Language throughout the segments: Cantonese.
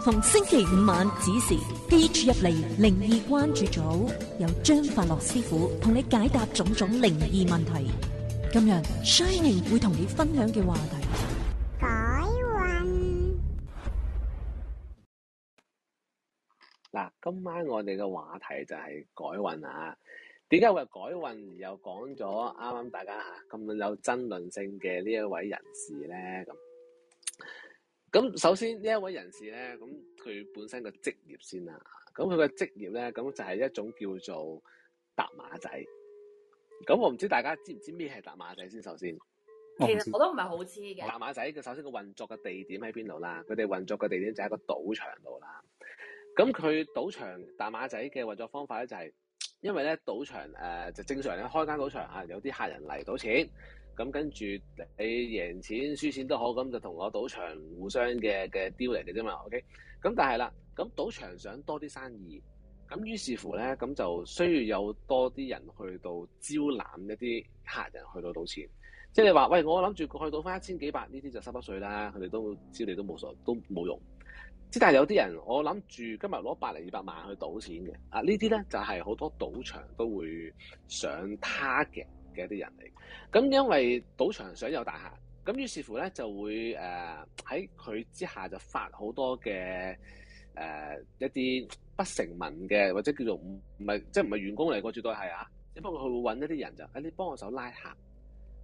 逢星期五晚子時，記住入嚟靈異關注組，由張法樂師傅同你解答種種靈異問題。今日雖然會同你分享嘅話題，改運運。嗱，今晚我哋嘅話題就係改運啊！點解會改運，又講咗啱啱大家吓咁有爭論性嘅呢一位人士咧咁？咁首先呢一位人士咧，咁佢本身嘅職業先啦。咁佢嘅職業咧，咁就係一種叫做搭馬仔。咁我唔知大家知唔知咩係搭馬仔先？首先，其實我都唔係好知嘅。搭馬仔嘅首先個運作嘅地點喺邊度啦？佢哋運作嘅地點就喺個賭場度啦。咁佢賭場搭馬仔嘅運作方法咧、就是，就係因為咧賭場誒、呃、就正常咧開間賭場啊，有啲客人嚟賭錢。咁跟住你贏錢輸錢都好，咁就同我賭場互相嘅嘅丟嚟嘅啫嘛，OK？咁但係啦，咁賭場想多啲生意，咁於是乎咧，咁就需要有多啲人去到招攬一啲客人去到賭錢。即係你話，喂，我諗住去到翻一千幾百，呢啲就濕濕碎啦。佢哋都知道你都冇所都冇用。即但係有啲人，我諗住今日攞百零二百萬去賭錢嘅，啊呢啲咧就係、是、好多賭場都會想他嘅。一啲人嚟，咁因為賭場想有大客，咁於是乎咧就會誒喺佢之下就發好多嘅誒、呃、一啲不成文嘅，或者叫做唔唔係即係唔係員工嚟嘅，絕對係啊！只不過佢會搵一啲人就，誒、哎、你幫我手拉客，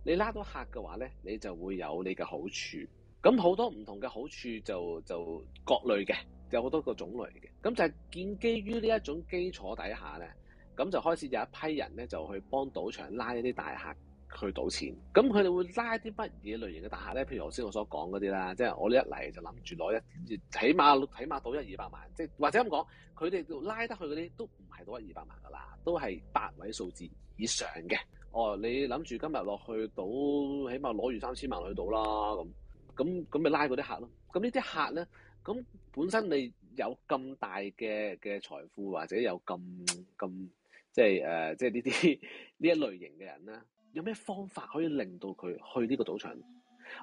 你拉到客嘅話咧，你就會有你嘅好處。咁好多唔同嘅好處就就各類嘅，有好多個種類嘅。咁就係建基於呢一種基礎底下咧。咁就開始有一批人咧，就去幫賭場拉一啲大客去賭錢。咁佢哋會拉啲乜嘢類型嘅大客咧？譬如頭先我所講嗰啲啦，即係我呢一嚟就諗住攞一，起碼起碼賭一二百萬。即係或者咁講，佢哋拉得去嗰啲都唔係賭一二百萬噶啦，都係八位數字以上嘅。哦，你諗住今日落去賭，起碼攞住三千萬去賭啦。咁咁咁咪拉嗰啲客咯。咁呢啲客咧，咁本身你有咁大嘅嘅財富，或者有咁咁。即係誒、呃，即係呢啲呢一類型嘅人咧，有咩方法可以令到佢去個賭呢個賭場？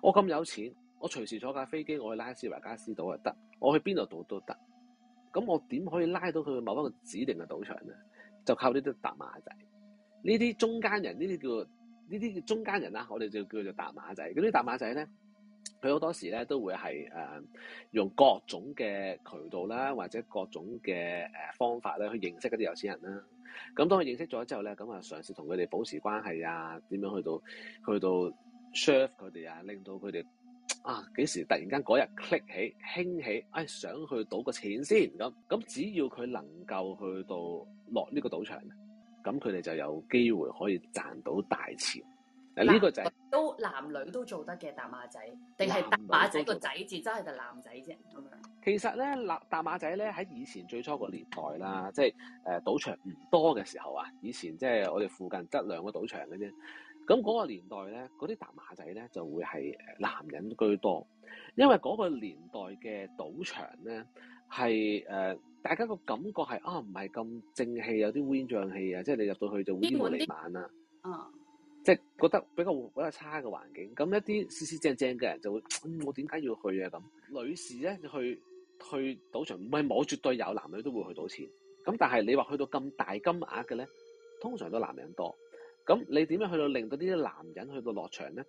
我咁有錢，我隨時坐架飛機，我去拉斯維加斯賭又得，我去邊度賭都得。咁我點可以拉到佢去某一個指定嘅賭場咧？就靠呢啲搭馬仔。呢啲中間人，呢啲叫呢啲中間人啦、啊，我哋就叫做搭馬仔。咁啲搭馬仔咧，佢好多時咧都會係誒、呃、用各種嘅渠道啦，或者各種嘅誒、呃、方法咧去認識嗰啲有錢人啦。咁當佢認識咗之後咧，咁啊嘗試同佢哋保持關係啊，點樣去到去到 serve 佢哋啊，令到佢哋啊幾時突然間嗰日 click 起興起，哎想去賭個錢先，咁咁只要佢能夠去到落呢個賭場，咁佢哋就有機會可以賺到大錢。呢個仔、就係、都男女都做得嘅搭馬仔，定係搭馬仔個仔字，真係就男仔啫咁樣。其實咧，搭搭馬仔咧喺以前最初個年代啦，即係誒賭場唔多嘅時候啊，以前即係我哋附近只有兩個賭場嘅啫。咁嗰個年代咧，嗰啲搭馬仔咧就會係男人居多，因為嗰個年代嘅賭場咧係誒大家個感覺係啊唔係咁正氣，有啲烏煙瘴氣啊，即、就、係、係、你入到去就會烏煙瘴氣啊。嗯即係覺得比較比較差嘅環境，咁一啲斯斯正正嘅人就會，嗯、我點解要去啊咁？女士咧，去去賭場唔係冇絕對有，男女都會去賭錢。咁但係你話去到咁大金額嘅咧，通常都係男人多。咁你點樣去到令到呢啲男人去到落場咧？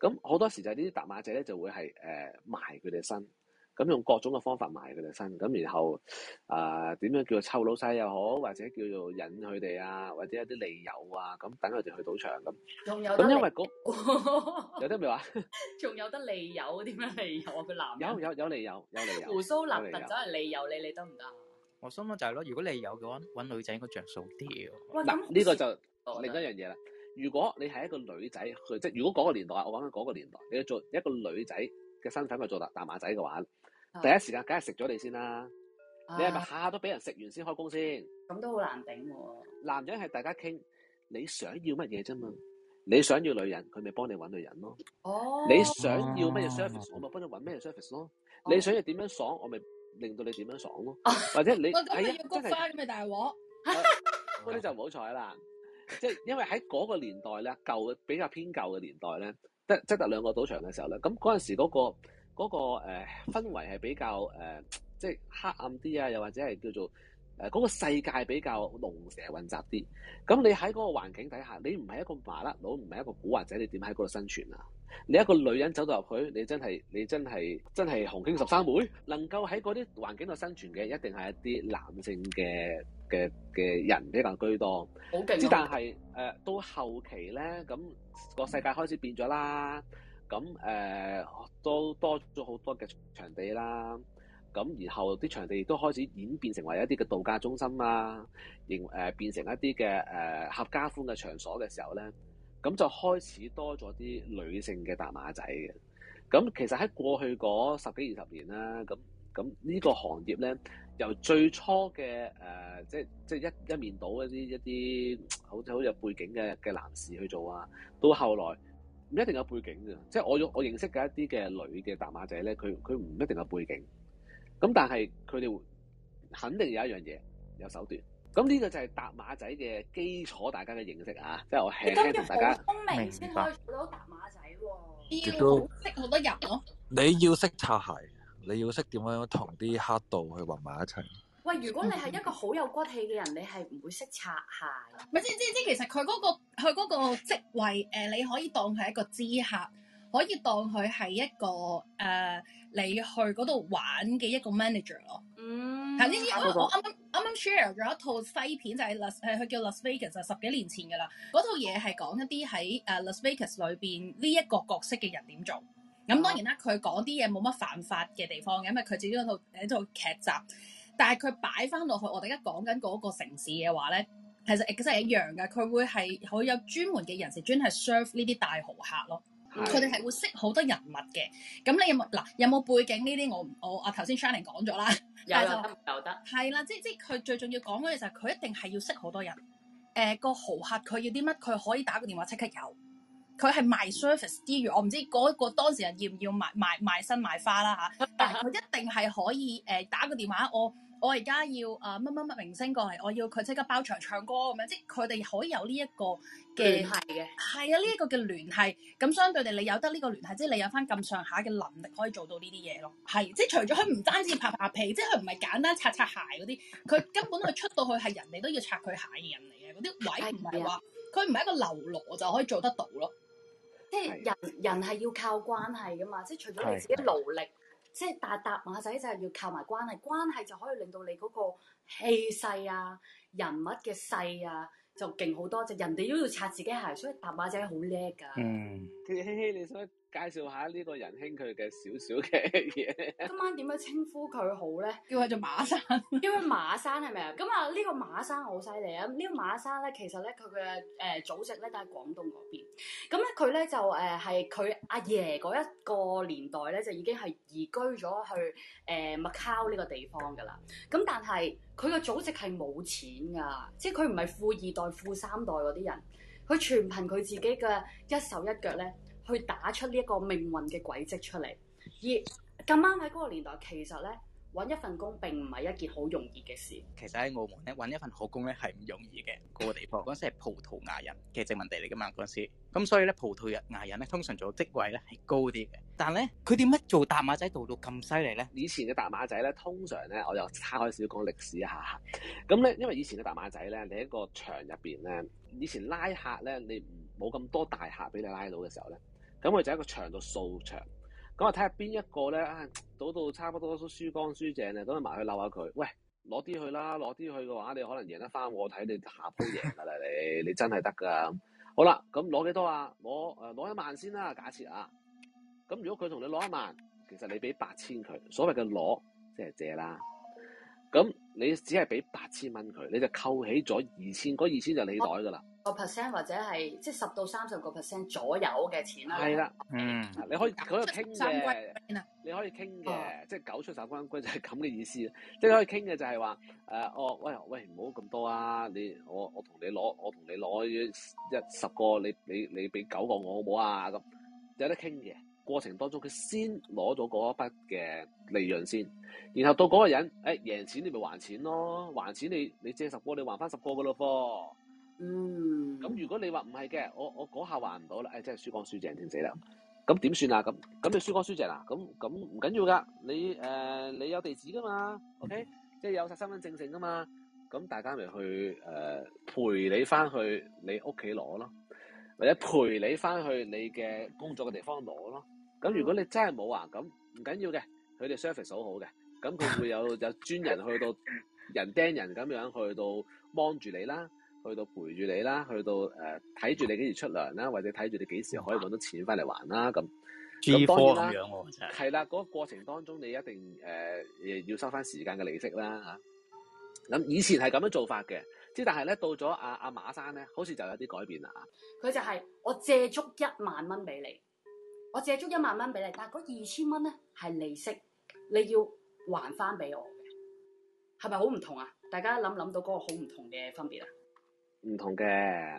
咁好多時就係呢啲搭馬仔咧就會係誒賣佢哋身。咁用各種嘅方法埋佢哋身，咁然後啊，點、呃、樣叫做湊老細又好，或者叫做引佢哋啊，或者有啲利誘啊，咁等佢哋去賭場咁。咁因為嗰有得未話？仲有得利誘？點樣 利誘啊？佢、這個、男 有有有利誘，有利誘。有利 胡鬚立特咗係利誘你，你得唔得？我心諗就係咯，如果你有嘅話，揾女仔應該着數啲。嗱呢、這個就另一樣嘢啦。如果你係一個女仔去，即係如果嗰個年代啊，我講緊嗰個年代，你要做一個女仔嘅身份去做大大馬仔嘅話，第一時間梗係食咗你先啦，你係咪下下都俾人食完先開工先？咁都好難頂喎！男人係大家傾你想要乜嘢啫嘛，你想要女人，佢咪幫你揾女人咯。哦，你想要乜嘢 s e 我咪幫你揾咩嘢 e r v 咯。你想要點樣爽，我咪令到你點樣爽咯。或者你係要菊花咁咪大鑊，嗰啲就唔好彩啦。即係因為喺嗰個年代咧，舊比較偏舊嘅年代咧，得即係得兩個賭場嘅時候咧，咁嗰陣時嗰個。嗰、那個、呃、氛圍係比較誒、呃，即係黑暗啲啊，又或者係叫做誒嗰、呃那個世界比較龍蛇混雜啲。咁你喺嗰個環境底下，你唔係一個麻甩佬，唔係一個古惑仔，你點喺嗰度生存啊？你一個女人走到入去，你真係你真係真係洪興十三妹，能夠喺嗰啲環境度生存嘅，一定係一啲男性嘅嘅嘅人比較居多。好勁！之但係誒、呃，到後期咧，咁、那個世界開始變咗啦。咁誒，都、呃、多咗好多嘅場地啦，咁然後啲場地亦都開始演變成為一啲嘅度假中心啦、啊，形誒、呃、變成一啲嘅誒合家歡嘅場所嘅時候咧，咁就開始多咗啲女性嘅大馬仔嘅。咁其實喺過去嗰十幾二十年啦、啊，咁咁呢個行業咧，由最初嘅誒、呃、即係即係一一面倒嗰啲一啲好似好有背景嘅嘅男士去做啊，到後來。唔一定有背景㗎，即係我我認識嘅一啲嘅女嘅搭馬仔咧，佢佢唔一定有背景，咁但係佢哋會肯定有一樣嘢有手段，咁呢個就係搭馬仔嘅基礎，大家嘅認識啊，即係我 hea 同大家。你都要好聰明先可以做到搭馬仔喎、啊，嗯、要識好多人咯。你要識擦鞋，你要識點樣同啲黑道去混埋一齊。喂，如果你係一個好有骨氣嘅人，你係唔會識擦鞋。咪即即即，其實佢嗰、那個佢嗰個職位，誒、呃，你可以當係一個知客，可以當佢係一個誒、呃，你去嗰度玩嘅一個 manager 咯。嗯，係呢啲我啱啱啱啱 share 咗一套西片，就係、是《Las》係佢叫《Las Vegas》，就十幾年前噶啦。嗰套嘢係講一啲喺誒 Las Vegas 裏邊呢一個角色嘅人點做。咁、嗯哦、當然啦，佢講啲嘢冇乜犯法嘅地方嘅，因為佢自己一套一套劇集。但係佢擺翻落去，我哋而家講緊嗰個城市嘅話咧，其實其實係一樣嘅。佢會係佢有專門嘅人士，專係 serve 呢啲大豪客咯。佢哋係會識好多人物嘅。咁你有冇嗱有冇背景呢啲？我我啊頭先 Shinning 講咗啦，有就得，係啦，即即係佢最重要講嘅就係、是、佢一定係要識好多人。誒個豪客佢要啲乜，佢可以打個電話即刻有。佢係賣 service 之餘，我唔知嗰個當事人要唔要賣賣賣，賣身賣花啦嚇，但係佢一定係可以誒、呃、打個電話我。我而家要啊乜乜乜明星過嚟，我要佢即刻包場唱歌咁樣，即係佢哋可以有呢一個嘅聯繫嘅，係啊呢一個嘅聯繫，咁相對地你有得呢個聯繫，即係你有翻咁上下嘅能力可以做到呢啲嘢咯。係，即係除咗佢唔單止拍拍屁，即係佢唔係簡單擦擦鞋嗰啲，佢根本佢出到去係人哋都要擦佢鞋嘅人嚟嘅，嗰啲位唔係話，佢唔係一個流羅就可以做得到咯。的即係人人係要靠關係噶嘛，即係除咗你自己努力。即係搭搭馬仔就係要靠埋關係，關係就可以令到你嗰個氣勢啊、人物嘅勢啊，就勁好多。就人哋都要擦自己鞋，所以搭馬仔好叻噶。嗯，佢哋嘿嘿你想。 介紹下呢個仁兄佢嘅少少嘅嘢。今晚點樣稱呼佢好咧？叫佢做馬山， 叫佢馬山係咪啊？咁啊，呢個馬山好犀利啊！呢個馬山咧，其實咧佢嘅誒祖籍咧都喺廣東嗰邊。咁咧佢咧就誒係佢阿爺嗰一個年代咧，就已經係移居咗去誒 Macau 呢個地方噶啦。咁但係佢嘅祖籍係冇錢噶，即係佢唔係富二代、富三代嗰啲人，佢全憑佢自己嘅一手一腳咧。去打出呢一個命運嘅軌跡出嚟，而咁啱喺嗰個年代，其實咧揾一份工並唔係一件好容易嘅事。其實喺澳門咧揾一份好工咧係唔容易嘅嗰、嗰個地方，嗰陣 時係葡萄牙人嘅殖民地嚟噶嘛，嗰陣時，咁所以咧葡萄牙人咧通常做職位咧係高啲嘅。但係咧佢點解做大馬仔做到咁犀利咧？以前嘅大馬仔咧，通常咧，我就岔開少少講歷史一下，一下。咁咧，因為以前嘅大馬仔咧，你喺個場入邊咧，以前拉客咧，你冇咁多大客俾你拉到嘅時候咧。咁佢就喺個場度掃場，咁啊睇下邊一個咧賭到差不多輸光輸淨咧，咁啊埋去鬧下佢，喂，攞啲去啦，攞啲去嘅話，你可能贏得翻，我睇你下鋪贏啦，你你真係得噶。好啦，咁攞幾多啊？攞誒，攞、呃、一萬先啦，假設啊。咁如果佢同你攞一萬，其實你俾八千佢，所謂嘅攞即係借啦。咁你只係俾八千蚊佢，你就扣起咗二千，嗰二千就你袋噶啦。個 percent 或者係即係十到三十個 percent 左右嘅錢啦，啊，係啦，嗯、啊，你可以佢又傾嘅，你可以傾嘅，即係、啊、九出十關歸就係咁嘅意思，即係可以傾嘅就係話誒，哦，喂、oh, so，喂，唔好咁多啊，你我我同你攞，我同你攞一十個，你你你俾九個我好唔好啊？咁有得傾嘅，過程當中佢先攞咗嗰一筆嘅利潤先，然後到嗰個人誒贏錢你咪還錢咯，還錢你你借十個你還翻十個噶咯嗯，咁如果你話唔係嘅，我我嗰下還唔到啦，誒真係輸光輸淨，正死啦！咁點算啊？咁咁你輸光輸淨啊？咁咁唔緊要噶，你誒你有地址噶嘛？OK，即係有晒身份證證噶嘛？咁大家咪去誒陪你翻去你屋企攞咯，或者陪你翻去你嘅工作嘅地方攞咯。咁如果你真係冇啊，咁唔緊要嘅，佢哋 service 好好嘅，咁佢會有有專人去到人盯人咁樣去到幫住你啦。去到陪住你啦，去到誒睇住你幾時出糧啦，或者睇住你幾時可以搵到錢翻嚟還啦咁。咁當然啦，係啦，嗰過程當中你一定誒要收翻時間嘅利息啦吓。咁以前係咁樣做法嘅，即但係咧到咗阿阿馬生咧，好似就有啲改變啦吓。佢就係我借足一萬蚊俾你，我借足一萬蚊俾你，但係嗰二千蚊咧係利息，你要還翻俾我嘅，係咪好唔同啊？大家諗諗到嗰個好唔同嘅分別啊？唔同嘅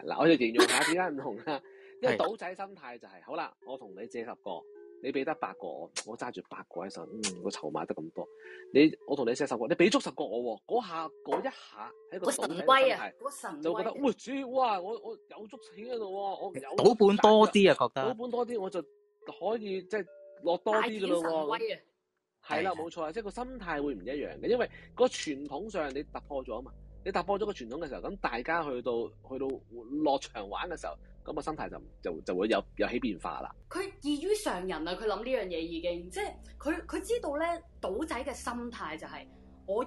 嗱，我哋形容下點解唔同啊？ 因為賭仔心態就係、是，好啦，我同你借十個，你俾、嗯、得八個，個我，我揸住八個喺手，嗯，個籌碼得咁多。你我同你借十個，你俾足十個我，嗰下嗰一下喺度，賭仔心態，啊啊、就覺得哇，主要哇，我我有足錢喺度，我有。賭本多啲啊，覺得賭本多啲，我就可以即係、就是、落多啲噶啦。係啦、啊，冇錯，即係個心態會唔一樣嘅，因為個傳統上你突破咗啊嘛。你打破咗個傳統嘅時候，咁大家去到去到落場玩嘅時候，咁個心態就就就會有有起變化啦。佢異於常人啊！佢諗呢樣嘢已經，即係佢佢知道咧，賭仔嘅心態就係我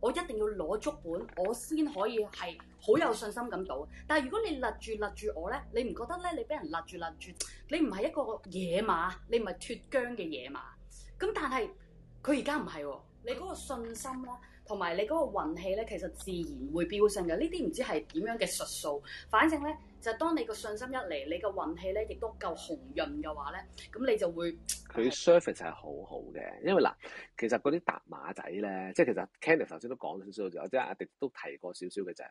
我一定要攞足本，我先可以係好有信心咁賭。但係如果你勒住勒住我咧，你唔覺得咧你俾人勒住勒住，你唔係一個野馬，你唔係脫韁嘅野馬。咁但係佢而家唔係，你嗰個信心咧，同埋你嗰個運氣咧，其實自然會飆升嘅。呢啲唔知係點樣嘅術數，反正咧就係當你個信心一嚟，你個運氣咧亦都夠紅潤嘅話咧，咁你就會佢 service 係好好嘅。因為嗱，其實嗰啲搭馬仔咧，即係其實 Kenneth 頭先都講少少嘅，有阿迪都提過少少嘅啫。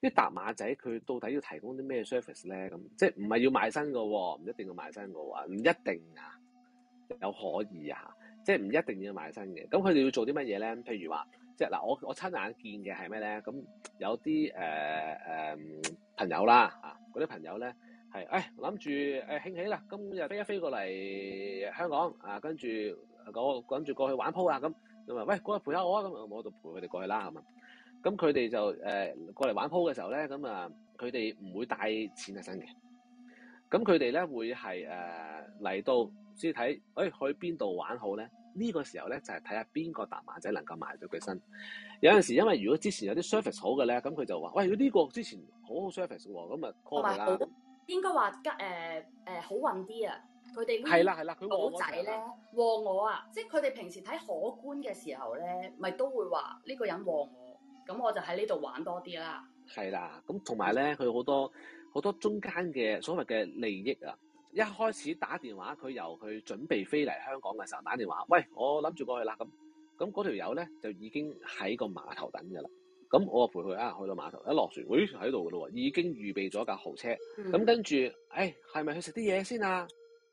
啲搭馬仔佢到底要提供啲咩 service 咧？咁即係唔係要買新嘅喎？唔一定要買新嘅喎？唔一定啊，有可以啊，即係唔一定要買新嘅。咁佢哋要做啲乜嘢咧？譬如話。即係嗱，我我親眼見嘅係咩咧？咁有啲誒誒朋友啦，啊嗰啲朋友咧係誒諗住誒興起啦，今日飛一飛過嚟香港啊，跟住趕住過去玩鋪啊，咁咁啊，喂過嚟陪下我啊，咁我就陪佢哋過去啦，係嘛？咁佢哋就誒過嚟玩鋪嘅時候咧，咁啊佢哋唔會帶錢喺身嘅。咁佢哋咧會係誒嚟到先睇，誒去邊度玩好咧？呢個時候咧，就係睇下邊個踏馬仔能夠埋到佢身。有陣時，因為如果之前有啲 service 好嘅咧，咁佢就話：喂，如果呢個之前好、哦 呃呃呃、好 service 喎，咁啊，call 嚟啦。應該話吉誒好運啲啊！佢哋係啦係啦，和我仔咧旺我啊！即係佢哋平時睇可觀嘅時候咧，咪都會話呢、這個人旺我，咁我就喺呢度玩多啲啦、啊。係啦，咁同埋咧，佢好多好多中間嘅所謂嘅利益啊！一開始打電話，佢由佢準備飛嚟香港嘅時候打電話，喂，我諗住過去啦。咁咁嗰條友咧就已經喺個碼頭等嘅啦。咁我啊陪佢啊去到碼頭，一落船，會喺度嘅咯喎，已經預備咗架豪車。咁、嗯、跟住，誒係咪去食啲嘢先啊？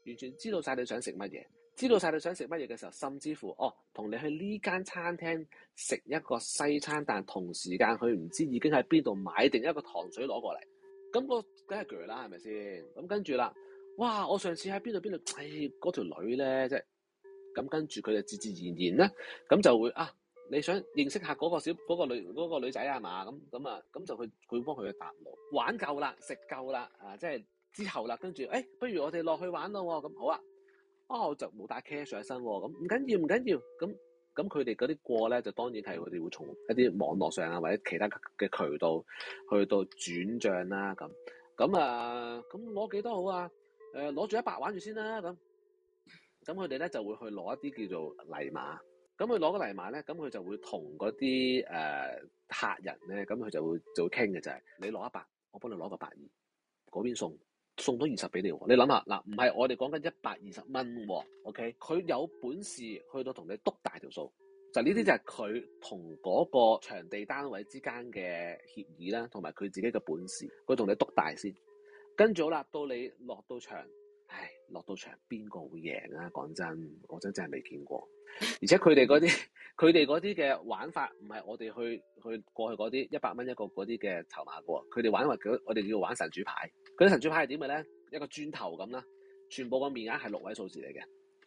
完全知道晒你想食乜嘢，知道晒你想食乜嘢嘅時候，甚至乎哦，同你去呢間餐廳食一個西餐，但同時間佢唔知已經喺邊度買定一個糖水攞過嚟，咁、個梗係攰啦，係咪先？咁跟住啦。哇！我上次喺邊度邊度？哎，嗰條女咧，即係咁跟住佢就自自然然咧，咁就會啊，你想認識下嗰個小嗰、嗰個、女嗰、嗰個、女仔係嘛？咁咁啊，咁就佢佢幫佢去搭路，玩夠啦，食夠啦啊！即係之後啦，跟住誒，不如我哋落去玩咯咁好啊，啊我就冇帶 cash 喺身喎，咁唔緊要唔緊要，咁咁佢哋嗰啲過咧，就當然係佢哋會從一啲網絡上啊，或者其他嘅渠道去到轉賬啦，咁咁啊，咁攞幾多好啊？誒攞住一百玩住先啦，啊，咁咁佢哋咧就會去攞一啲叫做泥碼，咁佢攞個泥碼咧，咁佢就會同嗰啲誒客人咧，咁佢就會就會傾嘅就係你攞一百，我幫你攞個百二，嗰邊送送多二十畀你，你諗下嗱，唔係我哋講緊一百二十蚊喎，OK，佢有本事去到同你督大條數，就呢、是、啲就係佢同嗰個場地單位之間嘅協議啦，同埋佢自己嘅本事，佢同你督大先。跟咗啦，到你落到場，唉，落到場邊個會贏啊？講真，我真真係未見過。而且佢哋嗰啲佢哋啲嘅玩法唔係我哋去去過去嗰啲一百蚊一個嗰啲嘅籌碼嘅喎，佢哋玩話我哋叫玩神主牌。嗰啲神主牌係點嘅咧？一個磚頭咁啦，全部個面額係六位數字嚟嘅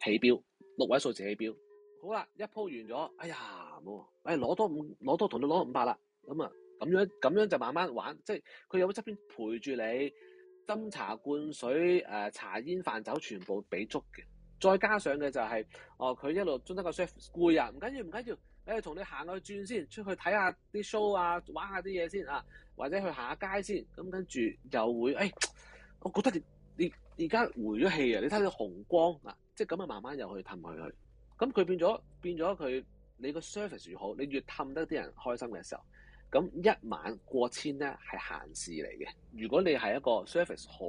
起標，六位數字起標。好啦，一鋪完咗，哎呀，哎攞多，多五，攞多，多，同你攞五百啦。咁啊，咁樣咁樣就慢慢玩，即係佢有喺側邊陪住你。斟茶灌水、誒、呃、茶煙飯酒全部俾足嘅，再加上嘅就係哦啊、係，哦佢、哎、一路中得個 service 攰啊，唔緊要唔緊要，誒同你行去轉先，出去睇下啲 show 啊，玩一下啲嘢先啊，或者去行下街先，咁跟住又會，誒、哎、我覺得你你而家回咗氣啊，你睇下紅光啊，即係咁啊，慢慢又去氹佢佢，咁佢變咗變咗佢，你個 service 越好，你越氹得啲人開心嘅時候。咁一晚過千咧係閒事嚟嘅。如果你係一個 service 好，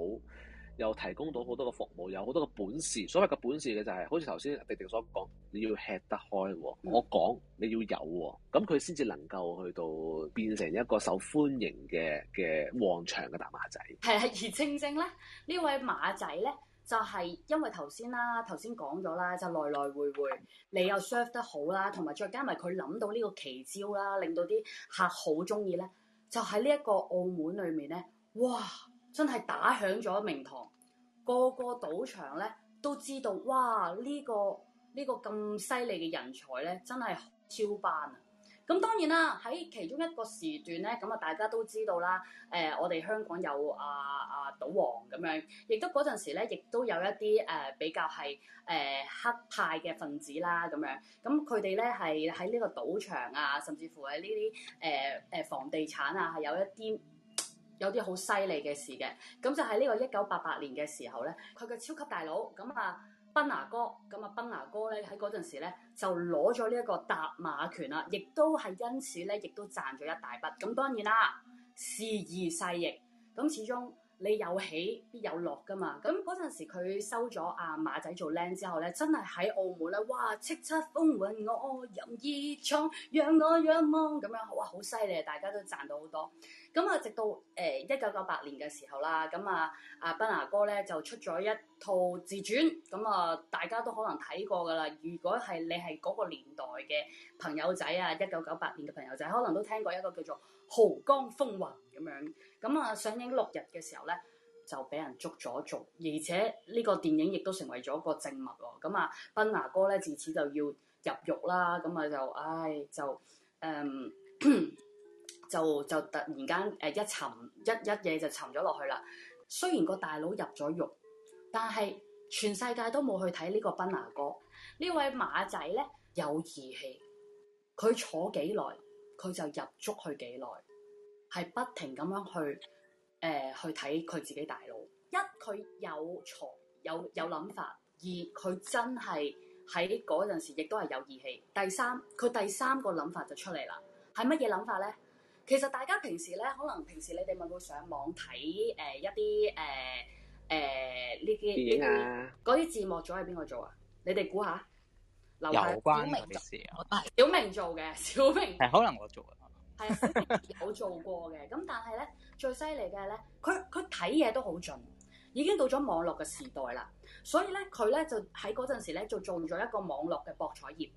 又提供到好多嘅服務，有好多嘅本事，所謂嘅本事嘅就係、是，好似頭先迪迪所講，你要吃得開喎，我講你要有喎，咁佢先至能夠去到變成一個受歡迎嘅嘅旺場嘅大馬仔。係啊，而正正咧，呢位馬仔咧。就係因為頭先啦，頭先講咗啦，就來來回回，你又 serve 得好啦，同埋再加埋佢諗到呢個奇招啦，令到啲客好中意咧，就喺呢一個澳門裏面咧，哇！真係打響咗名堂，個個賭場咧都知道，哇！呢個呢個咁犀利嘅人才咧，真係超班啊！咁當然啦、啊，喺其中一個時段咧，咁啊大家都知道啦。誒、呃，我哋香港有阿阿、啊啊、賭王咁樣，亦都嗰陣時咧，亦都有一啲誒、呃、比較係誒、呃、黑派嘅分子啦咁樣。咁佢哋咧係喺呢個賭場啊，甚至乎喺呢啲誒誒房地產啊，係有一啲有啲好犀利嘅事嘅。咁就係呢個一九八八年嘅時候咧，佢嘅超級大佬咁啊。崩牙哥咁啊，崩牙哥咧喺嗰陣時咧就攞咗呢一個踏馬權啦，亦都係因此咧，亦都賺咗一大筆。咁當然啦，時移世易，咁始終。你有起必有落噶嘛？咁嗰陣時佢收咗阿、啊、馬仔做靚之後咧，真係喺澳門咧，哇！叱咤風雲我，我任意闖，讓我仰望，咁樣哇好犀利啊！大家都賺到好多。咁、呃、啊，直到誒一九九八年嘅時候啦，咁啊阿崩牙駒咧就出咗一套自傳，咁啊大家都可能睇過噶啦。如果係你係嗰個年代嘅朋友仔啊，一九九八年嘅朋友仔，可能都聽過一個叫做《濠江風雲》咁樣。咁啊，上映六日嘅時候咧，就俾人捉咗做，而且呢、這個電影亦都成為咗一個證物喎。咁啊，賓拿哥咧自此就要入獄啦。咁啊就，唉、哎，就，誒、嗯，就就突然間誒一沉，一一嘢就沉咗落去啦。雖然個大佬入咗獄，但係全世界都冇去睇呢個賓拿哥。呢位馬仔咧有義氣，佢坐幾耐，佢就入足去幾耐。係不停咁樣去誒、呃、去睇佢自己大佬，一佢有才，有有諗法；二佢真係喺嗰陣時亦都係有義氣。第三，佢第三個諗法就出嚟啦，係乜嘢諗法咧？其實大家平時咧，可能平時你哋咪會上網睇誒、呃、一啲誒誒呢啲嗰啲字幕組係邊個做啊？你哋估下，有關小明嘅事啊，小明做嘅，小明係可能我做啊。係啊， 有做過嘅。咁但係咧最犀利嘅咧，佢佢睇嘢都好盡，已經到咗網絡嘅時代啦，所以咧佢咧就喺嗰陣時咧就做咗一個網絡嘅博彩業，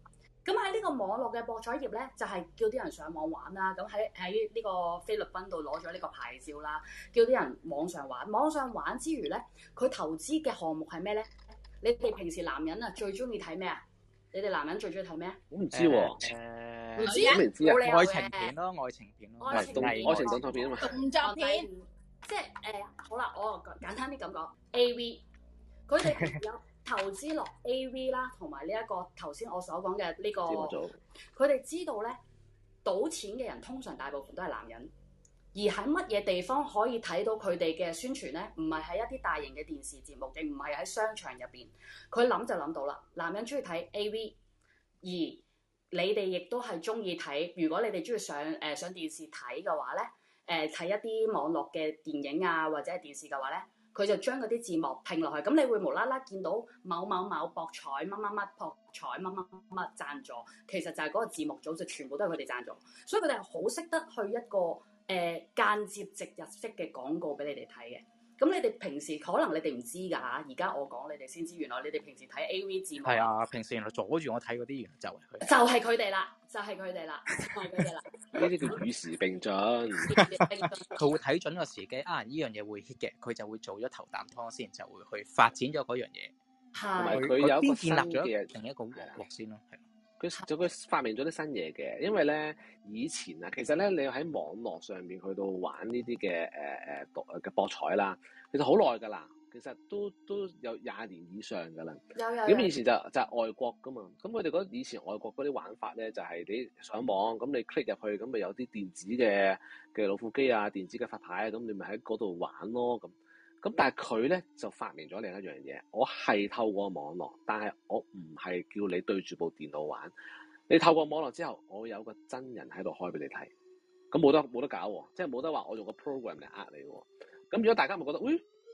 咁喺呢個網絡嘅博彩業咧就係叫啲人上網玩啦，咁喺喺呢個菲律賓度攞咗呢個牌照啦，叫啲人網上玩，網上玩之餘咧佢投資嘅項目係咩咧？你哋平時男人啊最中意睇咩啊？你哋男人最中意睇咩，我唔知喎，唔、嗯、知唔知啊？愛情片咯，愛情片咯，唔係愛情動作片啊嘛。動作片，即係誒好啦，我簡單啲咁講，AV 佢哋有投資落 AV 啦，同埋呢一個頭先我所講嘅呢個，佢哋知道咧，賭錢嘅人通常大部分都係男人。而喺乜嘢地方可以睇到佢哋嘅宣傳呢？唔係喺一啲大型嘅電視節目，亦唔係喺商場入邊。佢諗就諗到啦。男人中意睇 AV，而你哋亦都係中意睇。如果你哋中意上誒、呃、上電視睇嘅話呢，誒、呃、睇一啲網絡嘅電影啊，或者係電視嘅話呢，佢就將嗰啲字幕拼落去。咁你會無啦啦見到某某某博彩乜乜乜博彩乜乜乜贊助，其實就係嗰個字幕組就全部都係佢哋贊助，所以佢哋係好識得去一個。誒、間、呃、接植入式嘅廣告俾你哋睇嘅。咁、嗯、你哋平時可能你哋唔知噶吓，而家我講你哋先知，原來你哋平時睇 AV 節目係啊，平時原來阻住我睇嗰啲，原來就係佢，就係佢哋啦，就係佢哋啦，係佢哋啦。呢啲叫與時並進，佢會睇準個時機，啊，呢樣嘢會 hit 嘅，佢就會做咗頭啖湯先，就會去發展咗嗰樣嘢，同埋佢有建立咗另一個王國先咯，係。對 就佢發明咗啲新嘢嘅，因為咧以前啊，其實咧你喺網絡上邊去到玩呢啲嘅誒誒博博彩啦，其實好耐噶啦，其實都都有廿年以上噶啦。有有咁以前就就係、是、外國噶嘛，咁佢哋覺得以前外國嗰啲玩法咧就係、是、你上網咁你 click 入去咁，咪有啲電子嘅嘅老虎機啊、電子嘅發牌啊，咁你咪喺嗰度玩咯咁。咁但係佢咧就發明咗另一樣嘢。我係透過網絡，但係我唔係叫你對住部電腦玩。你透過網絡之後，我有個真人喺度開俾你睇。咁冇得冇得搞，即係冇得話我用個 program 嚟呃你。咁如果大家咪覺得，誒、哎、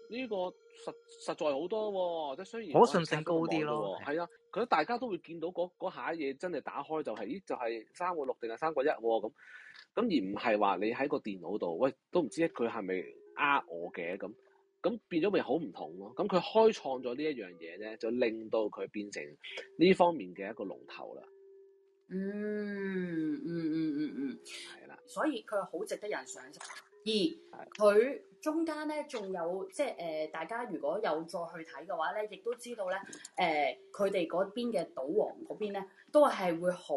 呢個實實在好多喎，即係雖然、嗯、可信性高啲咯，係啊，佢大家都會見到嗰下嘢真係打開就係、咦，就係三個六定係三個一喎。咁咁而唔係話你喺個電腦度，喂都唔知佢係咪呃我嘅咁。咁變咗咪好唔同咯、啊？咁佢開創咗呢一樣嘢咧，就令到佢變成呢方面嘅一個龍頭啦、嗯。嗯嗯嗯嗯嗯嗯，係、嗯、啦。嗯、的所以佢好值得人賞識。而，佢中間咧，仲有即係誒、呃，大家如果有再去睇嘅話咧，亦都知道咧誒，佢哋嗰邊嘅賭王嗰邊咧，都係會好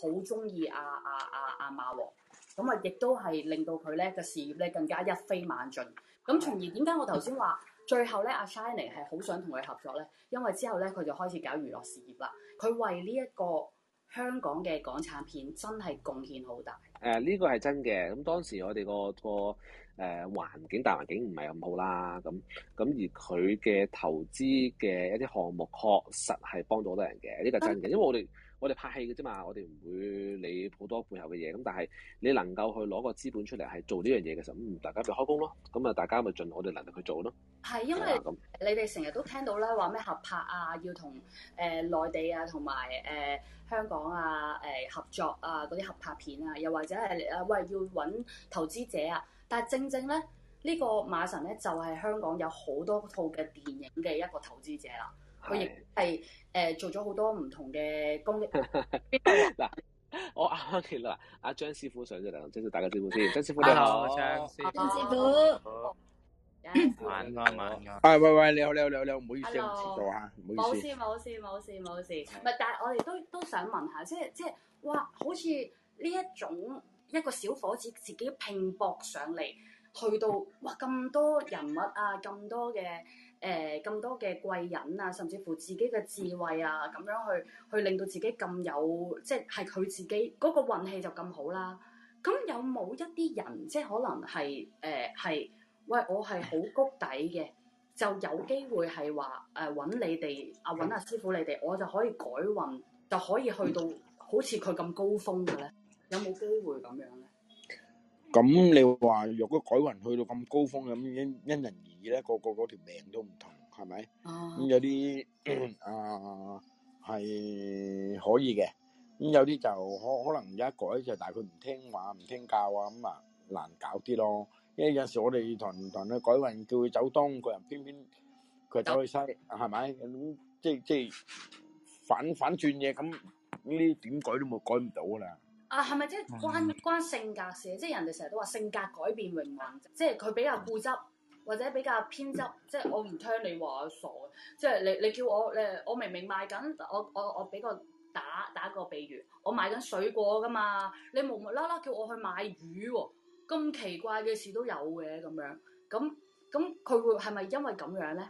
好鍾意阿阿阿阿馬王。咁啊，亦都係令到佢咧嘅事業咧更加一飛猛進。咁從而點解我頭先話最後咧，阿 Shinning 係好想同佢合作咧？因為之後咧，佢就開始搞娛樂事業啦。佢為呢一個香港嘅港產片真係貢獻好大。誒、呃，呢、呢個係真嘅。咁當時我哋個個誒環境大環境唔係咁好啦。咁咁而佢嘅投資嘅一啲項目確實係幫到好多人嘅，呢、呢個真嘅，嗯、因為我哋。我哋拍戲嘅啫嘛，我哋唔會理好多背後嘅嘢。咁但係你能夠去攞個資本出嚟係做呢樣嘢嘅時候，嗯，大家咪開工咯。咁啊，大家咪盡我哋能力去做咯。係因為、啊、你哋成日都聽到咧話咩合拍啊，要同誒、呃、內地啊同埋誒香港啊誒、呃、合作啊嗰啲合拍片啊，又或者係誒喂要揾投資者啊。但係正正咧呢、呢個馬神咧就係香港有好多套嘅電影嘅一個投資者啦。佢亦係。誒做咗好多唔同嘅功。嗱 啊，我啱啱阿張師傅上咗嚟，即係打個招呼先。張師傅你好，Hello, 張師傅。好 Hello,！晚安晚安。誒喂喂，你好你好你好，唔好意思遲到嚇，唔好意思。冇事冇事冇事冇事。唔係，但係我哋都都想問下，即係即係，哇！好似呢一種一個小伙子自己拼搏上嚟，去到哇咁多人物啊，咁多嘅。誒咁、呃、多嘅貴人啊，甚至乎自己嘅智慧啊，咁樣去去令到自己咁有，即係佢自己個運氣就咁好啦。咁有冇一啲人，即係可能係誒係喂我係好谷底嘅，就有機會係話誒揾你哋啊揾阿師傅你哋，我就可以改運，就可以去到好似佢咁高峰嘅咧？有冇機會咁樣咧？咁、嗯、你話若果改運去到咁高峰咁因因人而而咧，個個嗰條命都唔同，係咪？咁有啲啊係可以嘅，咁有啲就可可能一改就，但係佢唔聽話、唔聽教啊，咁啊難搞啲咯。因為有時我哋同同去改運，叫佢走東，佢又偏偏佢走去西，係咪？咁即即反反轉嘢，咁呢啲點改都冇改唔到啦。啊，係咪即關關性格事？即人哋成日都話性格改變命運，即佢比較固執。或者比較偏執，即係我唔聽你話，傻，即係你你叫我咧，我明明買緊，我我我俾個打打個比喻，我買緊水果噶嘛，你無無啦啦叫我去買魚喎，咁奇怪嘅事都有嘅咁樣，咁咁佢會係咪因為咁樣咧？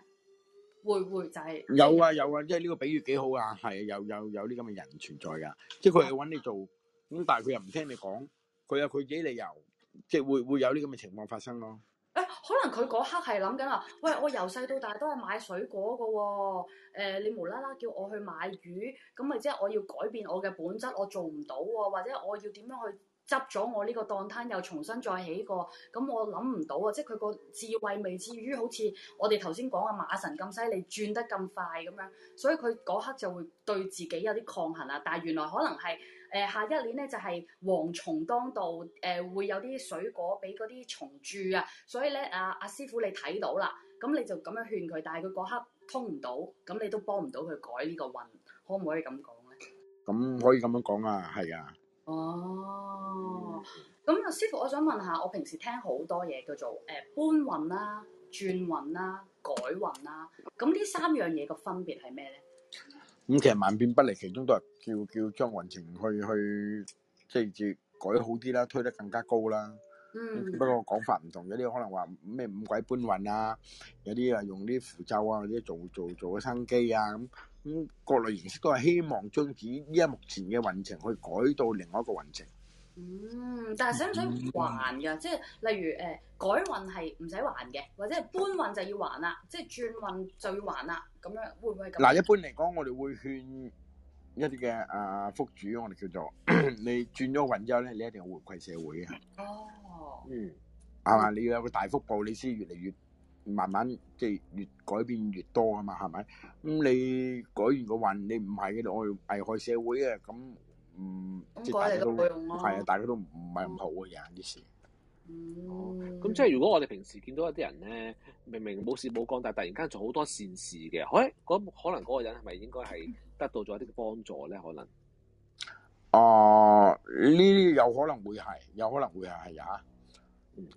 會唔會就係、是、有啊有啊，即係呢個比喻幾好啊，係有有有啲咁嘅人存在噶，即係佢係揾你做，咁但係佢又唔聽你講，佢有佢自己理由，即係會會有呢咁嘅情況發生咯。欸，可能佢嗰刻係諗緊啊，喂，我由細到大都係買水果噶喎，誒，你無啦啦叫我去買魚，咁咪即係我要改變我嘅本質，我做唔到喎。哦，或者我要點樣去執咗我呢個檔攤，又重新再起過，咁我諗唔到啊，即係佢個智慧未至於好似我哋頭先講嘅馬神咁犀利，轉得咁快咁樣，所以佢嗰刻就會對自己有啲抗衡啦。但係原來可能係。誒，下一年咧就係、是、蝗蟲當道，誒、呃、會有啲水果俾嗰啲蟲蛀啊，所以咧啊，阿師傅你睇到啦，咁你就咁樣勸佢，但係佢嗰刻通唔到，咁你都幫唔到佢改呢個運，可唔可以咁講咧？咁可以咁樣講啊，係啊。哦，咁啊師傅，我想問下，我平時聽好多嘢叫做誒、呃、搬運啦、啊、轉運啦、啊、改運啦、啊，咁呢三樣嘢個分別係咩咧？咁、嗯、其實萬變不離其宗都，都係叫叫將運程去去即係至改好啲啦，推得更加高啦。嗯，不過講法唔同，有啲可能話咩五鬼搬運啊，有啲啊用啲符咒啊，或者做做做生機啊咁，咁、嗯、各類形式都係希望將自己依家目前嘅運程去改到另外一個運程。嗯，但係使唔使還噶？即係、嗯、例如誒、呃、改運係唔使還嘅，或者係搬運就要還啦，即係轉運就要還啦，咁樣會唔會咁？嗱、啊，一般嚟講，我哋會勸一啲嘅啊福主，我哋叫做 你轉咗運之後咧，你一定要回饋社會嘅。哦。嗯。係嘛？你要有個大福報，你先越嚟越慢慢即係越改變越多啊嘛？係咪？咁、嗯、你改完個運，你唔係嘅，你愛危害社會嘅咁。嗯，即係大家都係、嗯、啊！大家都唔唔係唔好嘅人啲事。咁、嗯哦、即係如果我哋平時見到一啲人咧，明明冇事冇干，但係突然間做好多善事嘅、哎，可可能嗰個人係咪應該係得到咗一啲幫助咧？可能。哦、呃，呢啲有可能會係，有可能會係係呀，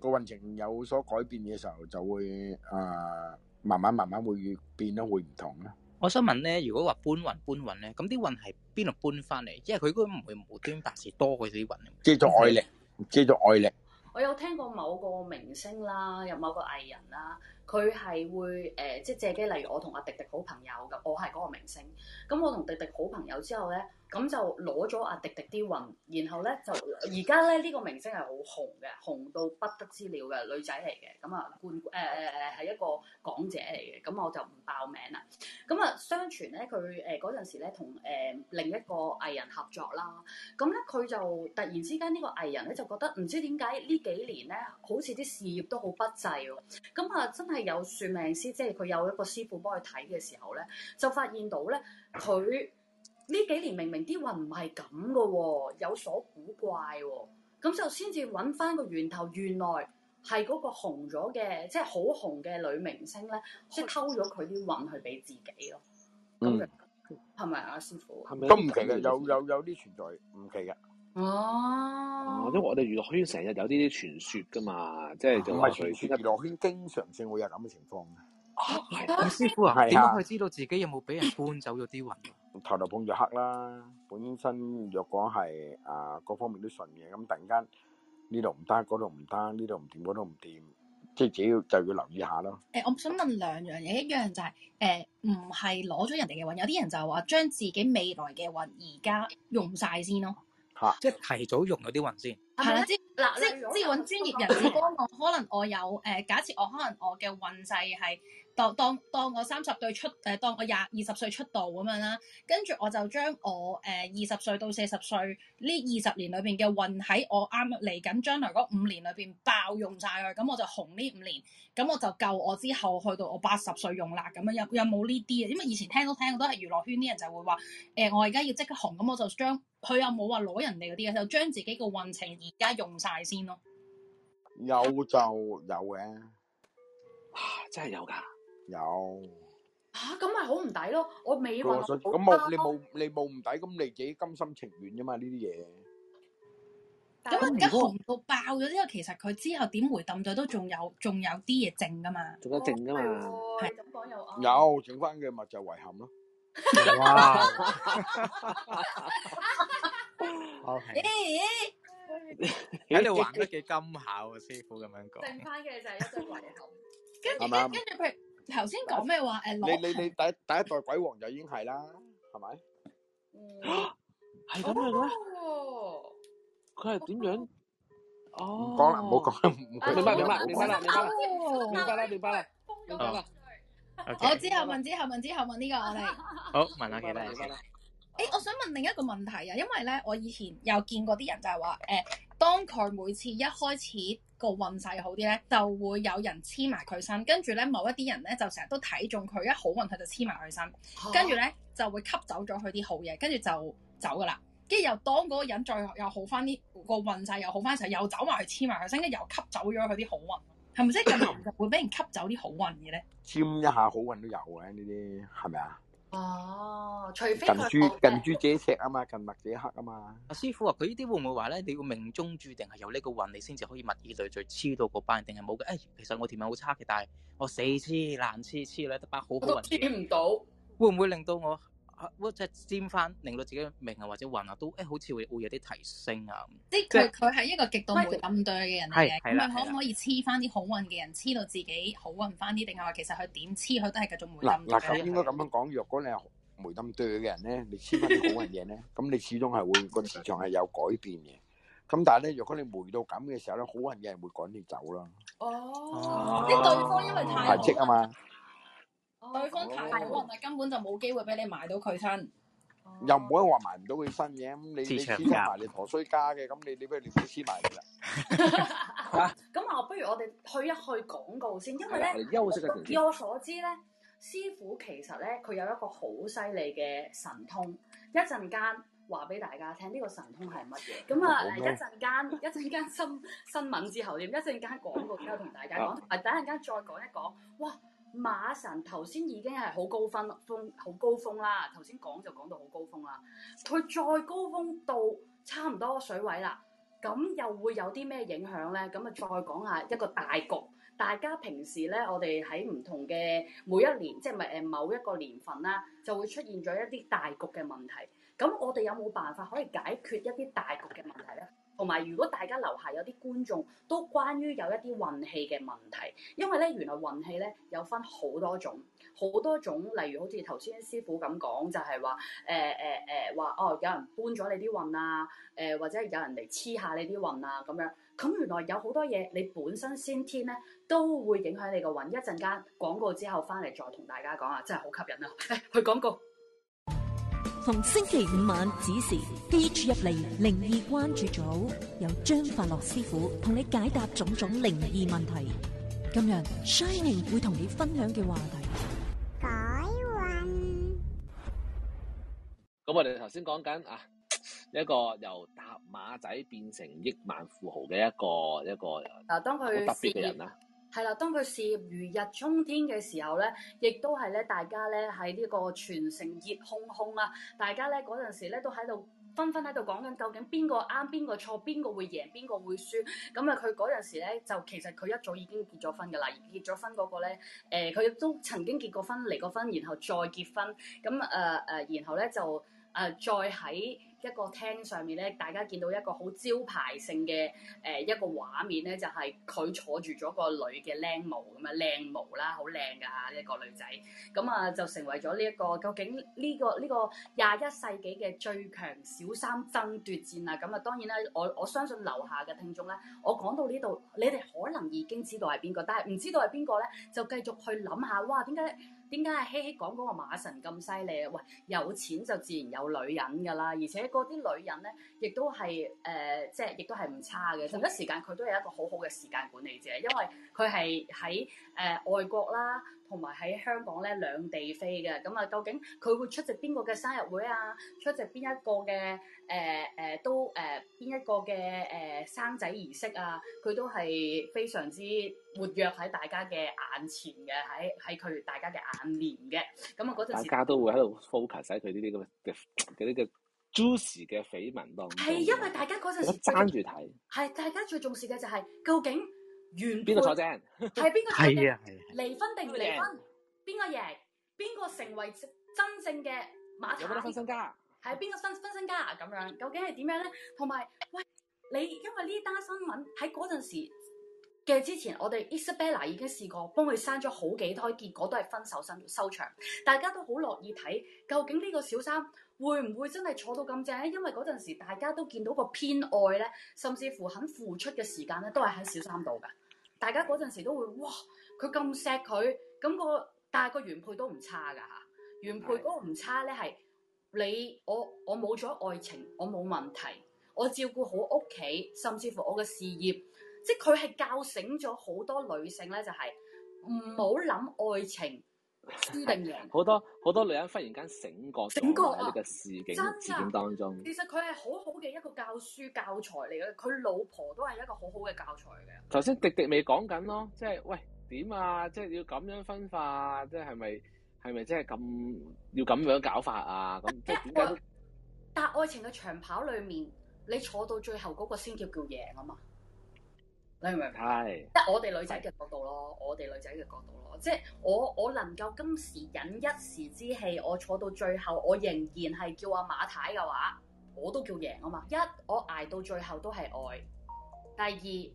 個運程有所改變嘅時候，就會誒、呃、慢慢慢慢會變得會唔同啦。我想問咧，如果話搬運搬運咧，咁啲運係？邊度搬翻嚟？因為佢都唔會無端白事多嗰啲運，借助外力，借助外力。我有聽過某個明星啦，有某個藝人啦。佢係會，誒、呃，即係借機，例如我同阿迪迪好朋友咁，我係嗰個明星。咁我同迪迪好朋友之後咧，咁就攞咗阿迪迪啲運，然後咧就而家咧呢、這個明星係好紅嘅，紅到不得之了嘅女仔嚟嘅。咁啊，冠誒誒誒係一個港姐嚟嘅，咁我就唔爆名啦。咁啊，相傳咧佢誒嗰陣時咧同誒另一個藝人合作啦。咁咧佢就突然之間呢、這個藝人咧就覺得唔知點解呢幾年咧好似啲事業都好不濟，喎。咁啊真係。有算命師，即係佢有一個師傅幫佢睇嘅時候咧，就發現到咧，佢呢幾年明明啲運唔係咁噶，有所古怪，咁就先至揾翻個源頭，原來係嗰個紅咗嘅，即係好紅嘅女明星咧，即係偷咗佢啲運去俾自己咯。嗯，係咪啊，師傅？都唔奇嘅。嗯，有有有啲存在唔奇嘅。哦，oh, 因為我哋娛樂圈成日有呢啲傳説噶嘛，即係就係傳説。娛樂圈經常性會有咁嘅情況。啊，啊師傅啊，點解佢知道自己有冇俾人搬走咗啲運，啊？頭頭碰著黑啦，本身若果係啊，各方面都順嘅，咁突然間呢度唔得，嗰度唔得，呢度唔掂，嗰度唔掂，即係自己就要留意下咯。誒、欸，我想問兩樣嘢，一樣就係、是、誒，唔係攞咗人哋嘅運，有啲人就話將自己未來嘅運而家用晒先咯。即係提早用嗰啲運先，係啦，即嗱，即係即係揾專業人士。幫 我可能我有誒，假設我可能我嘅運勢係。當當當我三十歲出，誒當我廿二十歲出道咁樣啦，跟住我就將我誒二十歲到四十歲呢二十年裏邊嘅運喺我啱嚟緊將來嗰五年裏邊爆用晒佢，咁我就紅呢五年，咁我就夠我之後去到我八十歲用啦，咁樣有有冇呢啲啊？因為以前聽都聽，都係娛樂圈啲人就會話，誒、呃、我而家要即刻紅，咁我就將佢又冇話攞人哋嗰啲，就將自己個運程而家用晒先咯。有就有嘅，哇！真係有㗎～有嚇，咁咪好唔抵咯！我未放落好。咁，冇你冇你冇唔抵，咁你自己甘心情願啫嘛？呢啲嘢咁而家紅到爆咗，呢個其實佢之後點回抌對，都仲有仲有啲嘢剩噶嘛？仲有剩噶嘛？係咁講又啱。有剩翻嘅咪就遺憾咯。哇！好睇。你喺度玩得幾精巧啊，師傅咁樣講。剩翻嘅就係一堆遺憾。係咪啊？跟住譬如。頭先講咩話？誒，你你你第第一代鬼王就已經係啦，係咪？啊，係咁樣咩？佢係點樣？哦，唔講啦，唔好講啦，唔講。明白明白明白啦明白啦明白啦明白啦。我之後問之後問之後問呢個我哋。好，問啦，幾多？誒、欸，我想問另一個問題啊，因為咧，我以前有見過啲人就係話，誒、呃，當佢每次一開始個運勢好啲咧，就會有人黐埋佢身，跟住咧，某一啲人咧就成日都睇中佢，一好運佢就黐埋佢身，跟住咧就會吸走咗佢啲好嘢，跟住就走㗎喇。跟住又當嗰個人再又好返啲，個運勢又好返時候，又走埋黐埋佢身，跟住又吸走咗佢啲好運，係咪即係？會唔會俾人吸走啲好運嘅咧？沾一下好運都有嘅呢啲，係咪啊？哦，除非近朱近朱者赤啊嘛，近墨者黑啊嘛。阿師傅啊，佢呢啲會唔會話咧？你要命中注定係有呢個運，你先至可以物以類聚，黐到個班，定係冇嘅？誒、哎，其實我條命好差嘅，但係我死黐、爛黐，黐嚟得八好，好，都黐唔到，會唔會令到我？啊，即係沾翻，令到自己命啊或者運啊都，誒、欸、好似會會有啲提升啊！即係佢佢係一個極度梅冧哚嘅人嚟嘅，咁可唔可以黐翻啲好運嘅人，黐到自己好運翻啲？定係話其實佢點黐佢都係繼續梅冧哚嘅？嗱嗱、啊，佢、啊、應該咁樣講，若果你係梅冧哚嘅人咧，你黐翻啲好運嘅人咧，咁 你始終係會個磁場係有改變嘅。咁但係咧，若果你梅到咁嘅時候咧，好運嘅人會趕你走啦。哦、oh, 啊，即對方因為太積啊嘛。 對方太好，咪根本就冇機會俾你買到佢身，又唔可以話買唔到佢身嘅，咁，你你私埋你婆衰家嘅，咁你你不如你私買噶啦。咁啊，不如我哋去一去廣告先，因為咧，據我所知咧，師傅其實咧佢有一個好犀利嘅神通，一陣間話俾大家聽，呢個神通係乜嘢？咁啊，一陣間一陣間新新聞之後，一陣間廣告，跟住同大家講，啊，等一陣間再講一講，哇！馬神頭先已經係好高分，風好高峰啦。頭先講就講到好高峰啦，佢再高峰到差唔多水位啦，咁又會有啲咩影響呢？咁啊，再講下一個大局，大家平時呢，我哋喺唔同嘅每一年，即係咪某一個年份啦，就會出現咗一啲大局嘅問題。咁我哋有冇辦法可以解決一啲大局嘅問題呢？同埋，如果大家留下有啲觀眾都關於有一啲運氣嘅問題，因為咧原來運氣咧有分好多種，好多種，例如好似頭先師傅咁講，就係話誒誒誒話哦，有人搬咗你啲運啊，誒、呃、或者有人嚟黐下你啲運啊咁樣，咁原來有好多嘢你本身先天咧都會影響你個運。一陣間廣告之後翻嚟再同大家講啊，真係好吸引啊！哎、去廣告。同星期五晚子時，飛住入嚟靈異關注組，由張法樂師傅同你解答種種靈異問題。今日 Shinning 會同你分享嘅話題，改運。咁我哋頭先講緊啊，一個由搭馬仔變成億萬富豪嘅一個一個，嗱，當佢好特別嘅人啦。係啦，當佢事業如日中天嘅時候咧，亦都係咧，大家咧喺呢個全城熱烘烘啦。大家咧嗰陣時咧都喺度紛紛喺度講緊，究竟邊個啱，邊個錯，邊個會贏，邊個會輸。咁啊，佢嗰陣時咧就其實佢一早已經結咗婚噶啦，而結咗婚嗰個咧誒，佢、呃、都曾經結過婚、離過婚，然後再結婚。咁誒誒，然後咧就誒、呃、再喺。一個廳上面咧，大家見到一個好招牌性嘅誒、呃、一個畫面咧，就係、是、佢坐住咗個女嘅靚模咁啊，靚模啦，好靚噶呢一個女仔，咁啊、這個、就成為咗呢一個究竟呢、呢個呢、呢個廿一、這個、世紀嘅最強小三爭奪戰啊！咁啊，當然啦，我我相信樓下嘅聽眾咧，我講到呢度，你哋可能已經知道係邊個，但係唔知道係邊個咧，就繼續去諗下哇，點解咧？點解係希希講嗰個馬神咁犀利啊？喂，有錢就自然有女人㗎啦，而且嗰啲女人咧，亦都係誒，即係亦都係唔差嘅。同一時間佢都係一個好好嘅時間管理者，因為佢係喺誒外國啦。同埋喺香港咧兩地飛嘅，咁、嗯、啊究竟佢會出席邊個嘅生日會啊？出席邊一個嘅誒誒都誒邊、呃、一個嘅誒、呃、生仔儀式啊？佢都係非常之活躍喺大家嘅眼前嘅，喺喺佢大家嘅眼簾嘅。咁啊嗰陣時，大家都會喺度 focus 喺佢呢啲咁嘅 j u 嘅 juicy 嘅緋聞當中，係因為大家嗰陣時爭住睇，係以大家最重視嘅就係、是、究竟。邊個坐正？係邊個離婚？離婚定唔離婚？邊個贏？邊個、啊、成為真正嘅馬？有冇得分身家？係邊個分分身家咁樣？究竟係點樣咧？同埋，喂，你因為呢單新聞喺嗰陣時。嘅之前，我哋 Isabella 已經試過幫佢生咗好幾胎，結果都係分手收收場。大家都好樂意睇，究竟呢個小三會唔會真係坐到咁正咧？因為嗰陣時大家都見到個偏愛咧，甚至乎肯付出嘅時間咧，都係喺小三度㗎。大家嗰陣時都會哇，佢咁錫佢咁個，但係個原配都唔差噶嚇。原配嗰個唔差咧，係你我，我冇咗愛情，我冇問題，我照顧好屋企，甚至乎我嘅事業。即係佢係教醒咗好多女性咧，就係唔好諗愛情輸定贏。好 多好多女人忽然間醒覺，醒覺喺、啊、呢個事件事件的當中。其實佢係好好嘅一個教書教材嚟嘅，佢老婆都係一個好好嘅教材嘅。頭先迪迪未講緊咯，即係喂點啊？即係要咁樣分化，即係係咪係咪即係咁要咁樣搞法啊？咁即係點解？但係愛情嘅長跑裡面，你坐到最後嗰個先叫叫贏啊嘛！你明唔明睇？即係我哋女仔嘅角，的角度咯，我哋女仔嘅角度咯，即係我我能夠今時忍一時之氣，我坐到最後我仍然係叫阿馬太嘅話，我都叫贏啊嘛！一，我捱到最後都係愛，第二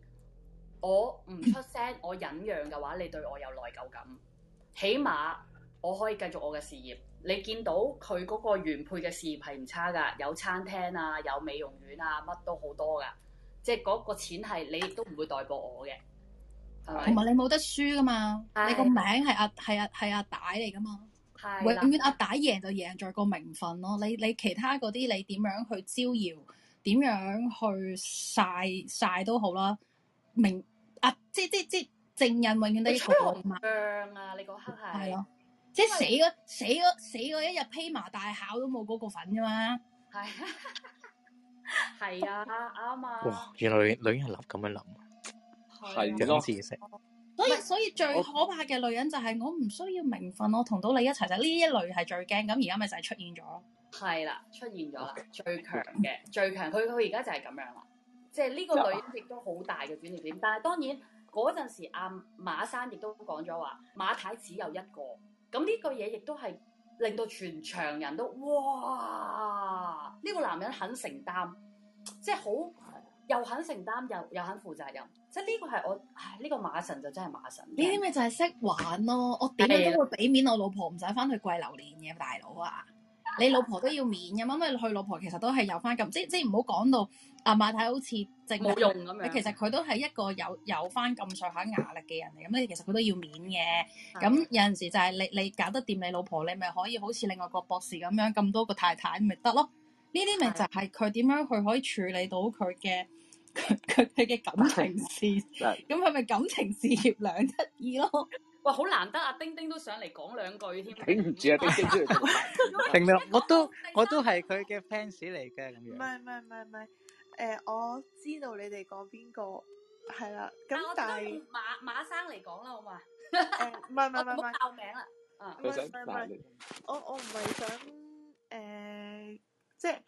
我唔出聲，我忍讓嘅話，你對我有內疚感， 起碼我可以繼續我嘅事業。你見到佢嗰個原配嘅事業係唔差噶，有餐廳啊，有美容院啊，乜都好多噶。即係嗰個錢係你亦都唔會代過我嘅，同埋你冇得輸噶嘛，的你個名係阿係啊係阿大嚟噶嘛，係的永遠阿大贏就贏在個名分咯。你你其他嗰啲你點樣去招搖，點樣去晒晒都好啦。名阿、啊、即即即正印永遠都係一個紅章啊！你嗰刻係，啊、即死嗰死嗰死，死一日披麻戴孝都冇嗰個份噶嘛。係。 係啊，啱啊！哇，原來女人係咁樣諗，係嘅咯。所以所以最可怕嘅女人就係我唔需要名分，啊，我同到你一齊就呢一類係最驚。咁而家咪就係出現咗，係啦，出現咗啦，最強嘅，最強。佢佢而家就係咁樣啦，即係呢個女人亦都好大嘅轉折點。但係當然嗰陣時阿馬生亦都講咗話，馬太只有一個。咁呢個嘢亦都係。令到全場人都哇！呢個男人肯承擔，即係好又肯承擔又又肯負責任，即係呢個係我，呢個馬神就真係馬神。呢啲咪就係識玩咯，哦，係我點樣都會俾面我老婆，唔使翻去跪榴蓮嘅大佬啊！你老婆都要面嘅嘛，因為佢老婆其實都係有翻咁，即即係唔好講到阿、啊、馬太，太好似正冇用咁樣其，其實佢都係一個有有翻咁上下牙力嘅人嚟，咁咧其實佢都要面嘅。咁 有陣時就係你你搞得掂你老婆，你咪可以好似另外個博士咁樣咁多個太太咪得咯。呢啲咪就係佢點樣去可以去處理到佢嘅佢佢嘅感情事。咁佢咪感情事業兩得意咯。哇，好難得啊！丁丁都上嚟講兩句添，頂唔住啊！丁丁 留出唔明？我都我都係佢嘅 fans 嚟嘅咁樣。唔係唔係唔係，誒、呃，我知道你哋講邊個係啦。咁但係馬馬生嚟講啦，好嘛？誒、 呃，唔係唔係唔係，報 我名啦。啊，唔係唔係，我我唔係想誒、呃，即係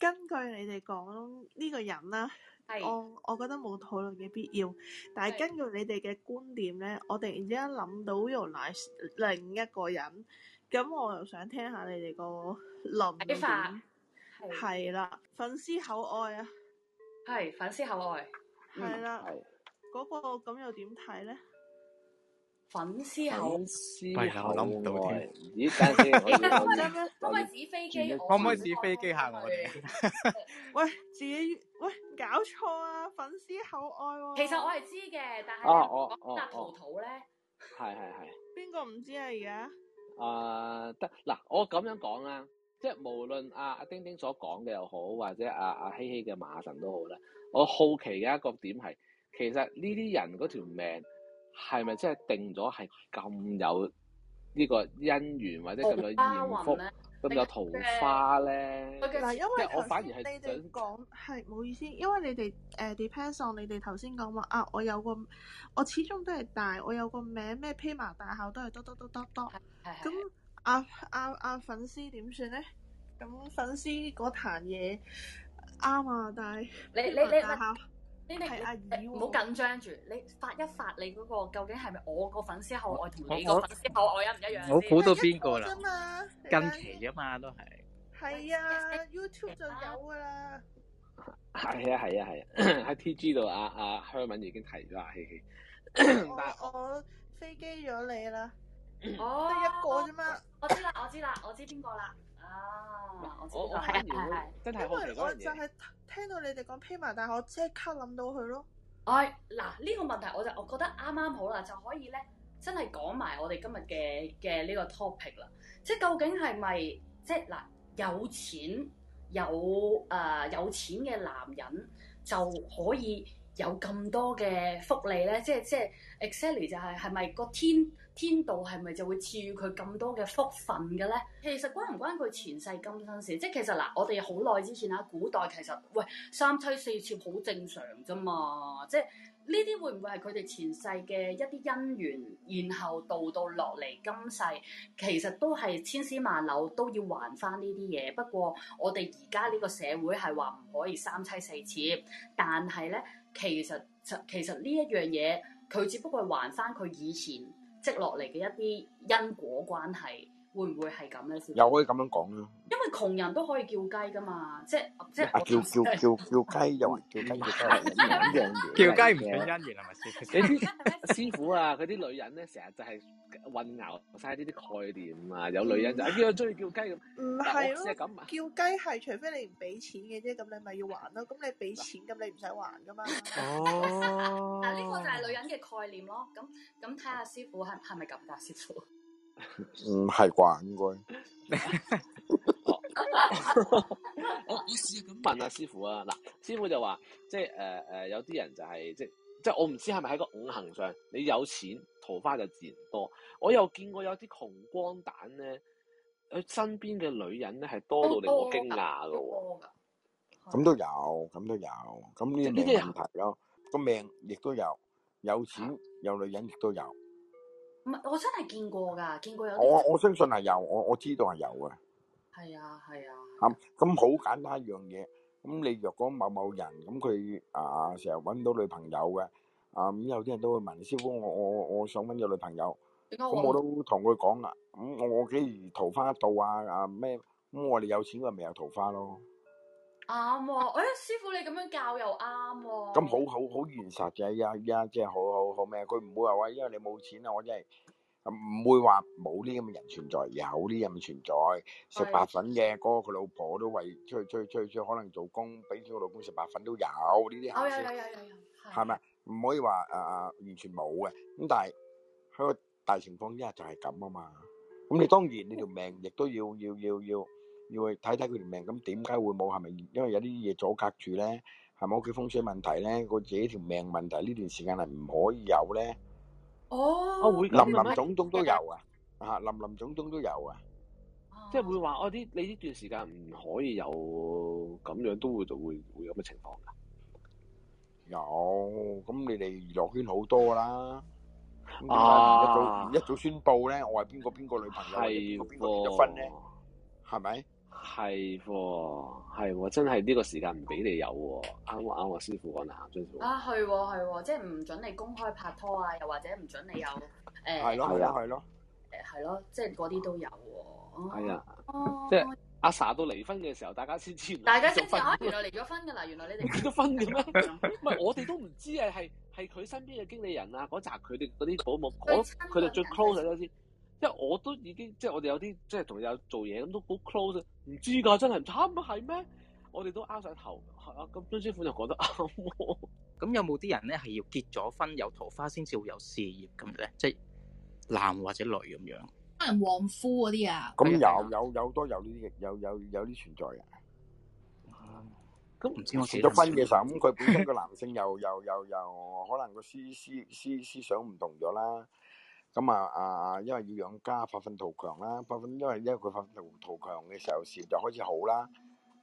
根據你哋講呢個人啦。我是、oh, 我覺得冇討論嘅必要，但係根據你哋嘅觀點咧，是我突然之間諗到用嚟另一個人，咁我又想聽下你哋個諗點。係啦，粉絲口愛啊，係粉絲口愛，係啦，嗰個咁又點睇咧？粉絲厚絲厚愛，可唔可以紙飛機？可唔可以紙飛機吓我哋？喂，自己喂搞錯啊！粉絲厚愛喎。其實我係知嘅，但係有人講阿桃桃咧，係係係邊個唔知啊？而家啊得嗱，我咁樣講啊，即係無論阿阿丁丁所講嘅又好，或者阿阿希希嘅馬神都好啦，我好奇嘅一個點係，其實呢啲人嗰條命。係咪真係定咗係咁有呢個姻緣或者咁樣豔福咁有桃花咧？嗱，是因為我反而係想講，係冇意思，因為你哋誒、呃、depends on 你哋頭先講話啊，我有個我始終都係大，我有個名咩披麻戴孝都係多多多多多，咁阿阿阿粉絲點算咧？咁粉絲嗰壇嘢啱啊，但係你你你。孝。你哋唔好緊張住，你發一發你嗰、那個究竟係咪我個粉絲後愛同你個粉絲後愛一唔一樣，我估我到邊個啦？了近期噶嘛都係。係啊 yes, yes.，YouTube 就有噶啦。係啊係啊係啊，喺 TG 度阿阿香文已經提咗啦。但係 我，我飛機咗你啦，得 一個啫嘛。 我知啦，我知啦，我知邊個啦。啊！我我係係係，因為我就係聽到你哋講 payment 但係我即刻諗到佢咯。哎，嗱呢個問題我就我覺得啱啱好啦，就可以咧，真係講埋我哋今日嘅嘅呢個 topic 啦。即係究竟係咪即係嗱，有錢有誒、呃、有錢嘅男人就可以有咁多嘅福利咧？即係即係 exactly 就係係咪個天？天道係咪就會賜予佢咁多嘅福分嘅咧？其實關唔關佢前世今生事？即係其實嗱，我哋好耐之前啊，古代其實喂三妻四妾好正常啫嘛。即係呢啲會唔會係佢哋前世嘅一啲姻緣，然後到到落嚟今世，其實都係千絲萬縷都要還翻呢啲嘢。不過我哋而家呢個社會係話唔可以三妻四妾，但係咧其實其實呢一樣嘢佢只不過係還翻佢以前積落嚟嘅一啲因果關係。會唔會係咁咧？先又可以咁樣講咯，因為窮人都可以叫雞噶嘛，即係即係叫叫叫叫雞有人叫雞叫雞，姻緣叫雞唔算姻緣係咪先？你啲師傅啊，佢啲女人咧成日就係混淆晒呢啲概念啊，有女人就一樣中意叫雞咁，唔係咯，即係咁，叫雞係除非你唔俾錢嘅啫，咁你咪要還咯，咁你俾錢咁你唔使還噶嘛。哦，嗱呢個就係女人嘅概念咯，咁咁睇下師傅係係咪咁噶，師傅。唔係啩，應該。我我試咁問下、啊、師傅啊，嗱，師傅就話，即係誒誒，有啲人就係、是、即即我唔知係咪喺個五行上，你有錢桃花就自然多。我又見過有啲窮光蛋咧，佢身邊嘅女人咧係多到令我驚訝噶喎。咁都有，咁都有，咁呢啲問題咯。個命亦都有，有錢有女人亦都有。唔係，我真係見過㗎，見過有。我我相信係有，我我知道係有嘅。係啊，係啊。嚇、嗯，咁好簡單一樣嘢。咁你若果某某人咁佢啊，成日揾到女朋友嘅。啊、嗯，咁有啲人都會問師傅，我我我想揾個女朋友。咁我，我都同佢講啦。咁、嗯、我幾如桃花渡啊？啊咩？咁我哋有錢嘅咪有桃花咯。啱喎，誒、嗯哎、師父你咁樣教又啱喎。咁好好好現實嘅，依家即係好好好咩？佢唔會話喂，因為你冇錢啊，我真係唔、嗯、會話冇呢咁嘅人存在，有呢咁嘅存在，食白粉嘅嗰個佢老婆都為出去出去出去出去可能做工，俾佢老公食白粉都有呢啲、哦。有係咪唔可以話啊啊完全冇嘅？咁但係喺個大情況之下就係咁啊嘛。咁你當然你條命亦都要要要要。要要要去睇睇佢條命，咁點解會冇？係咪因為有啲嘢阻隔住咧？係咪屋企風水問題咧？個自己條命問題呢段時間係唔可以有咧？哦，會林林總總都有啊！啊，林林總總都有啊！即係會話我啲你呢段時間唔可以有咁樣都會就會會有咩情況噶？有咁你哋娛樂圈好多啦，咁點解一早一早宣布咧？我係邊個邊個女朋友？邊個邊個結咗婚咧？係咪？係喎，係喎，真係呢個時間唔俾你有喎，啱喎，啱喎，師傅講得啱。張師傅。啊，係喎，係喎，即係唔准你公開拍拖啊，又或者唔准你有誒。係咯，係啊，係咯。誒，係咯，即係嗰啲都有喎。係啊。哦。即係阿 Sa 到離婚嘅時候，大家先知。大家先知原來離咗婚㗎啦，原來你哋結咗婚嘅咩？唔係，我哋都唔知啊，係係佢身邊嘅經理人啊，嗰紮佢哋嗰啲保母，佢哋最 close 嗰啲。即係我都已經，即係我哋有啲，即係同有做嘢咁都好 close，唔知㗎，真係唔差咁係咩？我哋都拗晒頭，係啊。咁張師傅就覺得，咁有冇啲人咧係要結咗婚有桃花先至會有事業咁咧？即係男或者女咁樣。可能旺夫嗰啲啊。咁又有有多有呢啲有有有啲存在嘅。咁唔知我結咗婚嘅時候，咁佢本身個男性又又又又可能個思思思思想唔同咗啦。咁啊啊啊！因為要養家，發奮圖強啦，發奮因為咧佢發奮圖強嘅時候，事就開始好啦。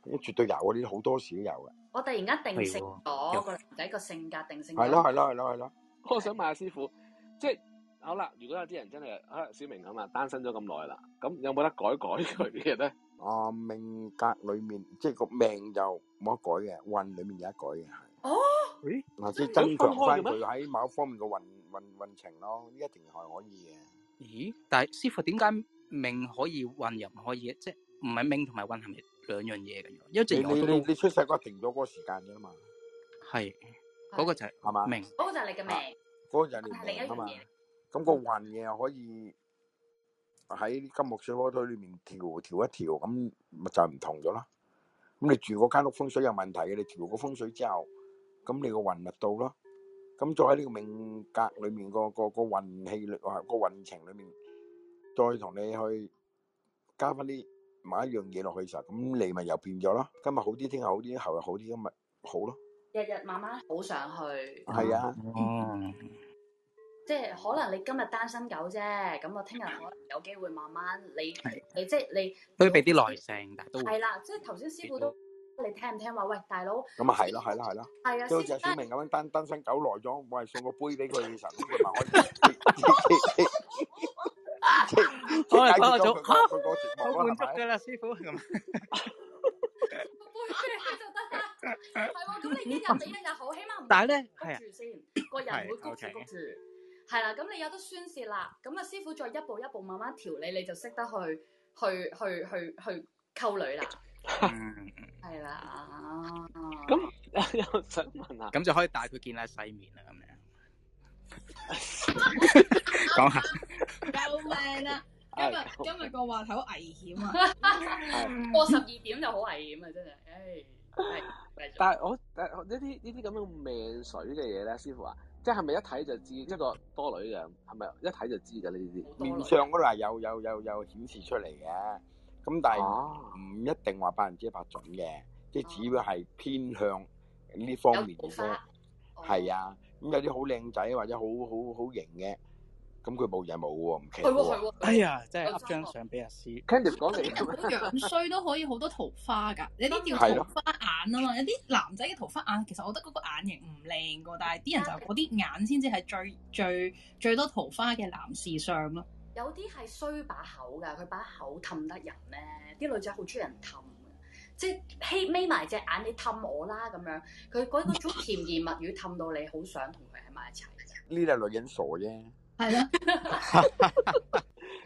一絕對有嗰啲好多時都有嘅。我突然間定性咗個男仔個性格，定性咗。係咯係咯係咯係咯。我想問下師傅，即係好啦，如果有啲人真係啊，小明咁啊，單身咗咁耐啦，咁有冇得改改佢嘅咧？啊，命格裡面即係個命就冇得改嘅，運裡面有得改嘅。哦，嗱，即係增強翻佢喺某一方面嘅運。運運程咯，呢一定係可以嘅。咦？但係師傅，點解命可以運又唔可以？即係唔係命同埋運係咪兩樣嘢嘅？因為你你你出世嗰個定咗嗰個時間噶啦嘛。係，嗰個就係係嘛命。嗰個就係你嘅命。嗰個就係另一樣嘢。咁個運嘅，又可以喺金木水火土裏面調調一調，咁咪就唔同咗咯。咁你住嗰間屋風水有問題嘅，你調個風水之後，咁你個運密度咯。咁再喺呢個命格裏面，個個個運氣裏，個運程裏面，再同你去加翻啲某一樣嘢落去其實，咁你咪又變咗咯。今日好啲，聽日好啲，後日好啲，咁咪好咯。日日慢慢好上去。係啊，即係可能你今日單身狗啫，咁我聽日可能有機會慢慢你你即係你。都畀啲耐性，但係都係啦。即係頭先師傅都。你聽唔聽話？喂，大佬咁啊，係咯，係咯，係咯，係啊，即係好似小明咁樣，單單身狗耐咗，我係送個杯俾佢嘅時候，咁佢話我，好嚟搞下咗，好滿足噶啦，師傅咁，送個杯就得啦。係喎，咁你一日比一日好，起碼唔住先，個人會谷住谷住。係啦，咁你有得宣泄啦，咁啊，師傅再一步一步慢慢調理，你就識得去去去去去溝女啦。嗯，係啦，咁又想問下，咁就可以帶佢見下世面啦，咁樣講下。救命啊！今日今日個話題好危險啊！過十二點就好危險啊！真係。但係我但係一啲呢啲咁樣命水嘅嘢咧，師傅話即係咪一睇就知一個多女嘅係咪一睇就知㗎？呢啲面上嗰度係有有有有顯示出嚟嘅。咁但係唔一定話百分之一百準嘅，即係、啊、只要係偏向呢方面嘅啫。係啊，咁、嗯、有啲好靚仔或者好好好型嘅，咁佢冇嘢冇喎，唔奇喎。哎呀，真係翕張相俾阿師。Candice 講你樣衰都可以好多桃花㗎，有啲叫桃花眼啊嘛。有啲男仔嘅桃花眼，其實我覺得嗰個眼型唔靚㗎，但係啲人就嗰啲眼先至係最最最多桃花嘅男士相咯。有啲係衰把口㗎，佢把口氹得人咧，啲女仔好中意人氹，即係眯埋隻眼你氹我啦咁樣，佢嗰種甜言蜜語氹到你好想同佢喺埋一齊。呢啲係女人傻啫。係咯。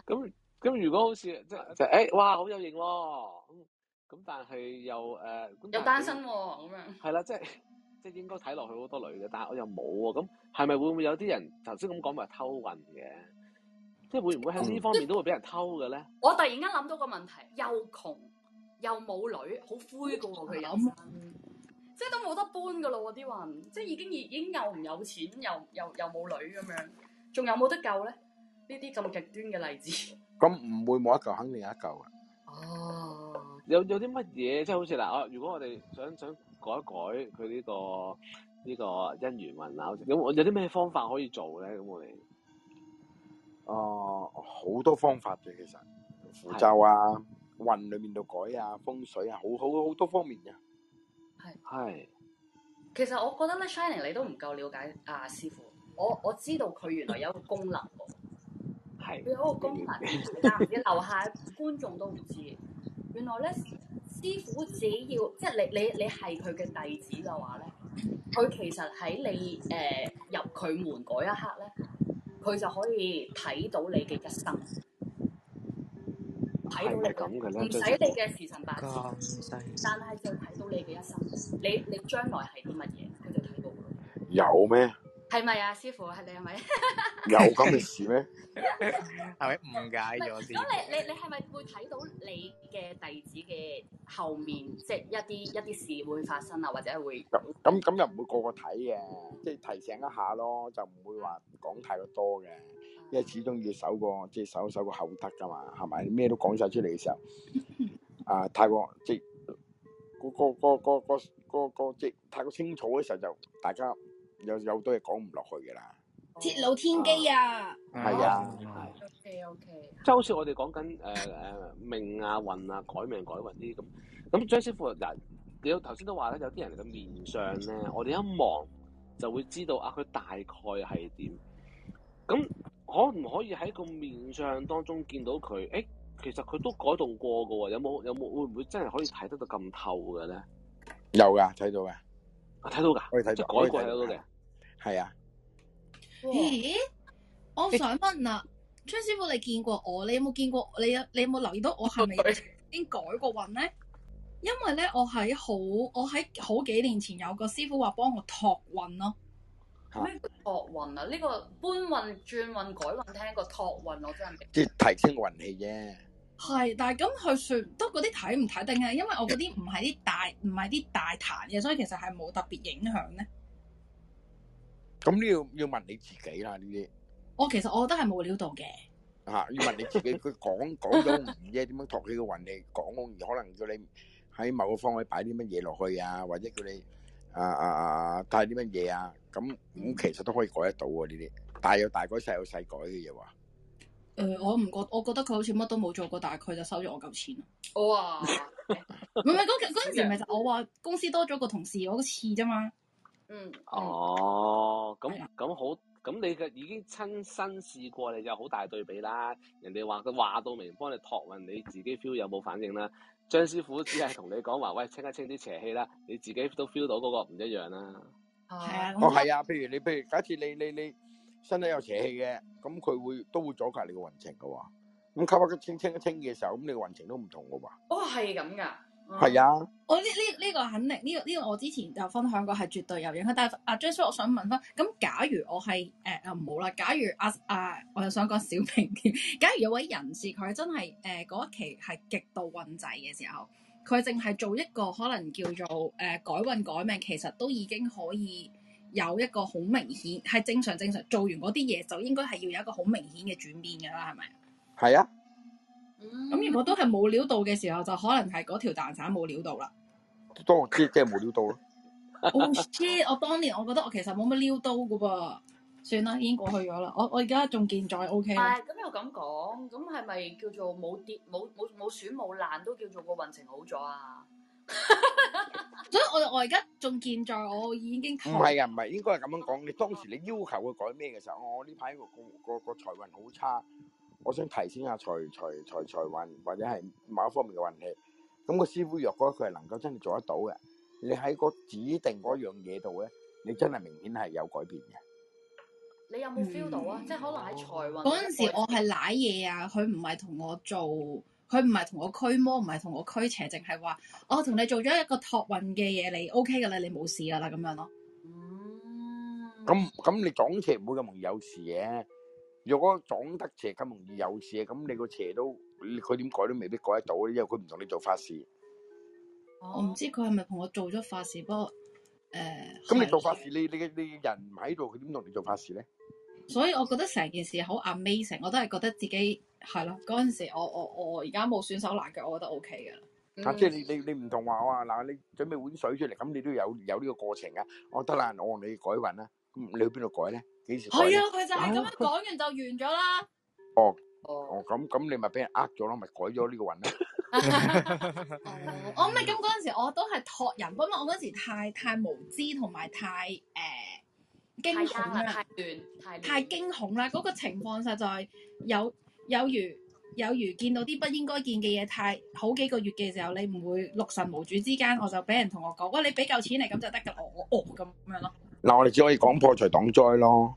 咁咁如果好似即係誒，哇，好有型咯，咁但係又誒，又單身喎咁樣。係啦，即係即係應該睇落去好多女嘅，但係我又冇喎。咁係咪會唔會有啲人頭先咁講話偷運嘅？即係會唔會喺呢方面都會俾人偷嘅咧、嗯？我突然間諗到個問題，又窮又冇女，好灰嘅喎佢人生，想即係都冇得搬嘅啦喎啲運，即係已經已已經又唔有錢，又又又冇女咁樣，仲有冇得救咧？呢啲咁極端嘅例子，咁唔會冇得救，肯定有得救嘅。哦、啊，有有啲乜嘢即係好似嗱，我、啊、如果我哋想想改一改佢呢、呢個呢、呢個呢個姻緣運啊，好似有我有啲咩方法可以做咧？咁我哋。哦，好多方法嘅，其實符咒啊、運的裏面度改啊、風水啊，好好好多方面嘅。係的。係的。其實我覺得咧，Shinning 你都唔夠了解啊，師傅。我我知道佢原來有一個功能嘅。佢 有一個功能嘅， 你留下觀眾都唔知。原來咧，師傅只要即係你你你係佢嘅弟子嘅話咧，佢其實喺你誒、呃、入佢門嗰一刻咧。佢就可以睇到你嘅一生，睇到你嘅，唔使你嘅時辰八字， 但係就睇到你嘅一生，你你將來係啲乜嘢，佢就睇到。有咩？係咪啊，師傅？係你係咪？有咁嘅事咩？係咪誤解咗先？咁你你你係咪會睇到你嘅弟子嘅後面，即係一啲一啲事會發生啊，或者會咁咁咁又唔會個個睇嘅，即係提醒一下咯，就唔會話講太過多嘅，因為始終要守個即係守守個口德㗎嘛，係咪？咩都講晒出嚟嘅時候， 啊，太過即係個個個個個個即係太過清楚嘅時候，就大家。有有好多嘢講唔落去噶啦，揭露天機啊！係啊，O K O K。即係好似我哋講緊誒誒命啊運啊改命改運啲咁，咁張師傅嗱，你頭先都話咧，有啲人嘅面相咧，我哋一望就會知道啊，佢大概係點。咁可唔可以喺個面相當中見到佢？誒、欸，其實佢都改動過噶喎，有冇有冇會唔會真係可以睇得到咁透嘅咧？有噶，睇到嘅。睇到噶，我哋睇咗，改過我睇到嘅，係啊。咦、啊哇欸？我想問啊，張師傅，你見過我？你有冇見過你？你有冇留意到我係咪已經改過運咧？因為咧，我喺好，我喺好幾年前有個師傅話幫我托運咯。咩托運啊？呢、啊啊這個搬運、轉運、改運，聽過托運，我真係。即係提升運氣啫。係，但係咁佢算都嗰啲睇唔睇定嘅，因為我嗰啲唔係啲大唔係啲大壇嘅，所以其實係冇特別影響咧。咁你要要問你自己啦呢啲。我其實我都得係冇料到嘅。吓、啊，要問你自己，佢講講都唔知點樣托起個運嚟講，講 可能叫你喺某個方位擺啲乜嘢落去啊，或者叫你啊啊啊帶啲乜嘢啊，咁、啊、咁、啊、其實都可以改得到喎呢啲，大有大改，細有細改嘅嘢話。誒、呃，我唔覺，我覺得佢好似乜都冇做過，但係佢就收咗我嚿錢咯。哇！唔係嗰期嗰陣時，咪就我話公司多咗個同事，我個刺啫嘛。嗯。哦，咁咁好，咁你嘅已經親身試過你，你就好大對比啦。人哋話嘅話到明幫你托運，你自己 feel 有冇反應啦？張師傅只係同你講話，喂，清一清啲邪氣啦，你自己都 feel 到嗰個唔一樣啦。係啊。哦，係啊，譬如你，譬如假設你，你，你。身體有邪氣嘅，咁佢會都會阻隔你個運程嘅喎。咁吸一吸清一清嘅時候，咁你個運程都唔同嘅喎。哦。哦，係咁噶。係啊。我呢呢呢個肯定呢個呢個，呢個、我之前就分享過係絕對有影響。但係阿 Jasper 我想問翻，咁假如我係誒啊冇啦，假如阿阿、啊啊、我又想講小明添，假如有位人士佢真係誒嗰一期係極度運滯嘅時候，佢淨係做一個可能叫做誒、呃、改運改命，其實都已經可以。有一個好明顯，係正常正常做完嗰啲嘢，就應該係要有一個好明顯嘅轉變㗎啦，係咪？係啊。咁、嗯嗯、如果都係冇料到嘅時候，就可能係嗰條蛋散冇料到啦。當我知即係冇料到啦。我知，我當年我覺得我其實冇乜料到噶噃。算啦，已經過去咗啦。我我而家仲健在 OK。咁又咁講，咁係咪叫做冇跌冇冇冇損冇爛都叫做個運程好咗啊？所以我我而家仲健在，我已經求唔係啊，唔係應該係咁樣講。你當時你要求佢改咩嘅時候，我呢排個個個財運好差，我想提升下財財財財運或者係某一方面嘅運氣。咁、個師傅若果佢係能夠真係做得到嘅，你喺個指定嗰樣嘢度咧，你真係明顯係有改變嘅。 你有冇 feel 到啊？嗯、即係可能喺財運嗰陣時我，我係瀨嘢啊，佢唔係同我做。佢唔係同我驅魔，唔係同我驅邪，淨係話我同你做咗一個托運嘅嘢，你 OK 㗎喇，你冇事㗎喇，咁樣咯。嗯。咁咁你撞邪唔會咁容易有事嘅、啊，若果撞得邪咁容易有事嘅、啊，咁你個邪都，佢點改都未必改得到，因為佢唔同你做法事、啊。哦、我唔知佢係咪同我做咗法事，不過誒。咁你做法事，你你你人唔喺度，佢點同你做法事咧？所以，我覺得成件事好 amazing，我都係覺得自己係咯。嗰、yes, 陣時我，我我我而家冇選手攔腳，我覺得 O K 嘅啦。嚇！即係你你你唔同話哇，嗱你準備碗水出嚟，咁你都有有呢個過程㗎。我得啦，我同你改運啦。咁你去邊度改咧？幾時改啊？佢就係咁樣講完就完咗啦。哦、啊、哦，咁咁你咪俾人呃咗咯，咪改咗呢個運啦。哦， 唔係咁嗰陣時我都係托人幫嘛。我嗰陣時太太無知同埋太誒。呃驚恐啦，太驚恐啦！嗰個情況實在有有如有如見到啲不應該見嘅嘢，太好幾個月嘅時候，你唔會六神無主之間我、哦，我就俾人同我講，喂，你俾夠錢嚟，咁就得噶啦，我哦咁樣咯。嗱、嗯，我哋只可以講破財擋災咯，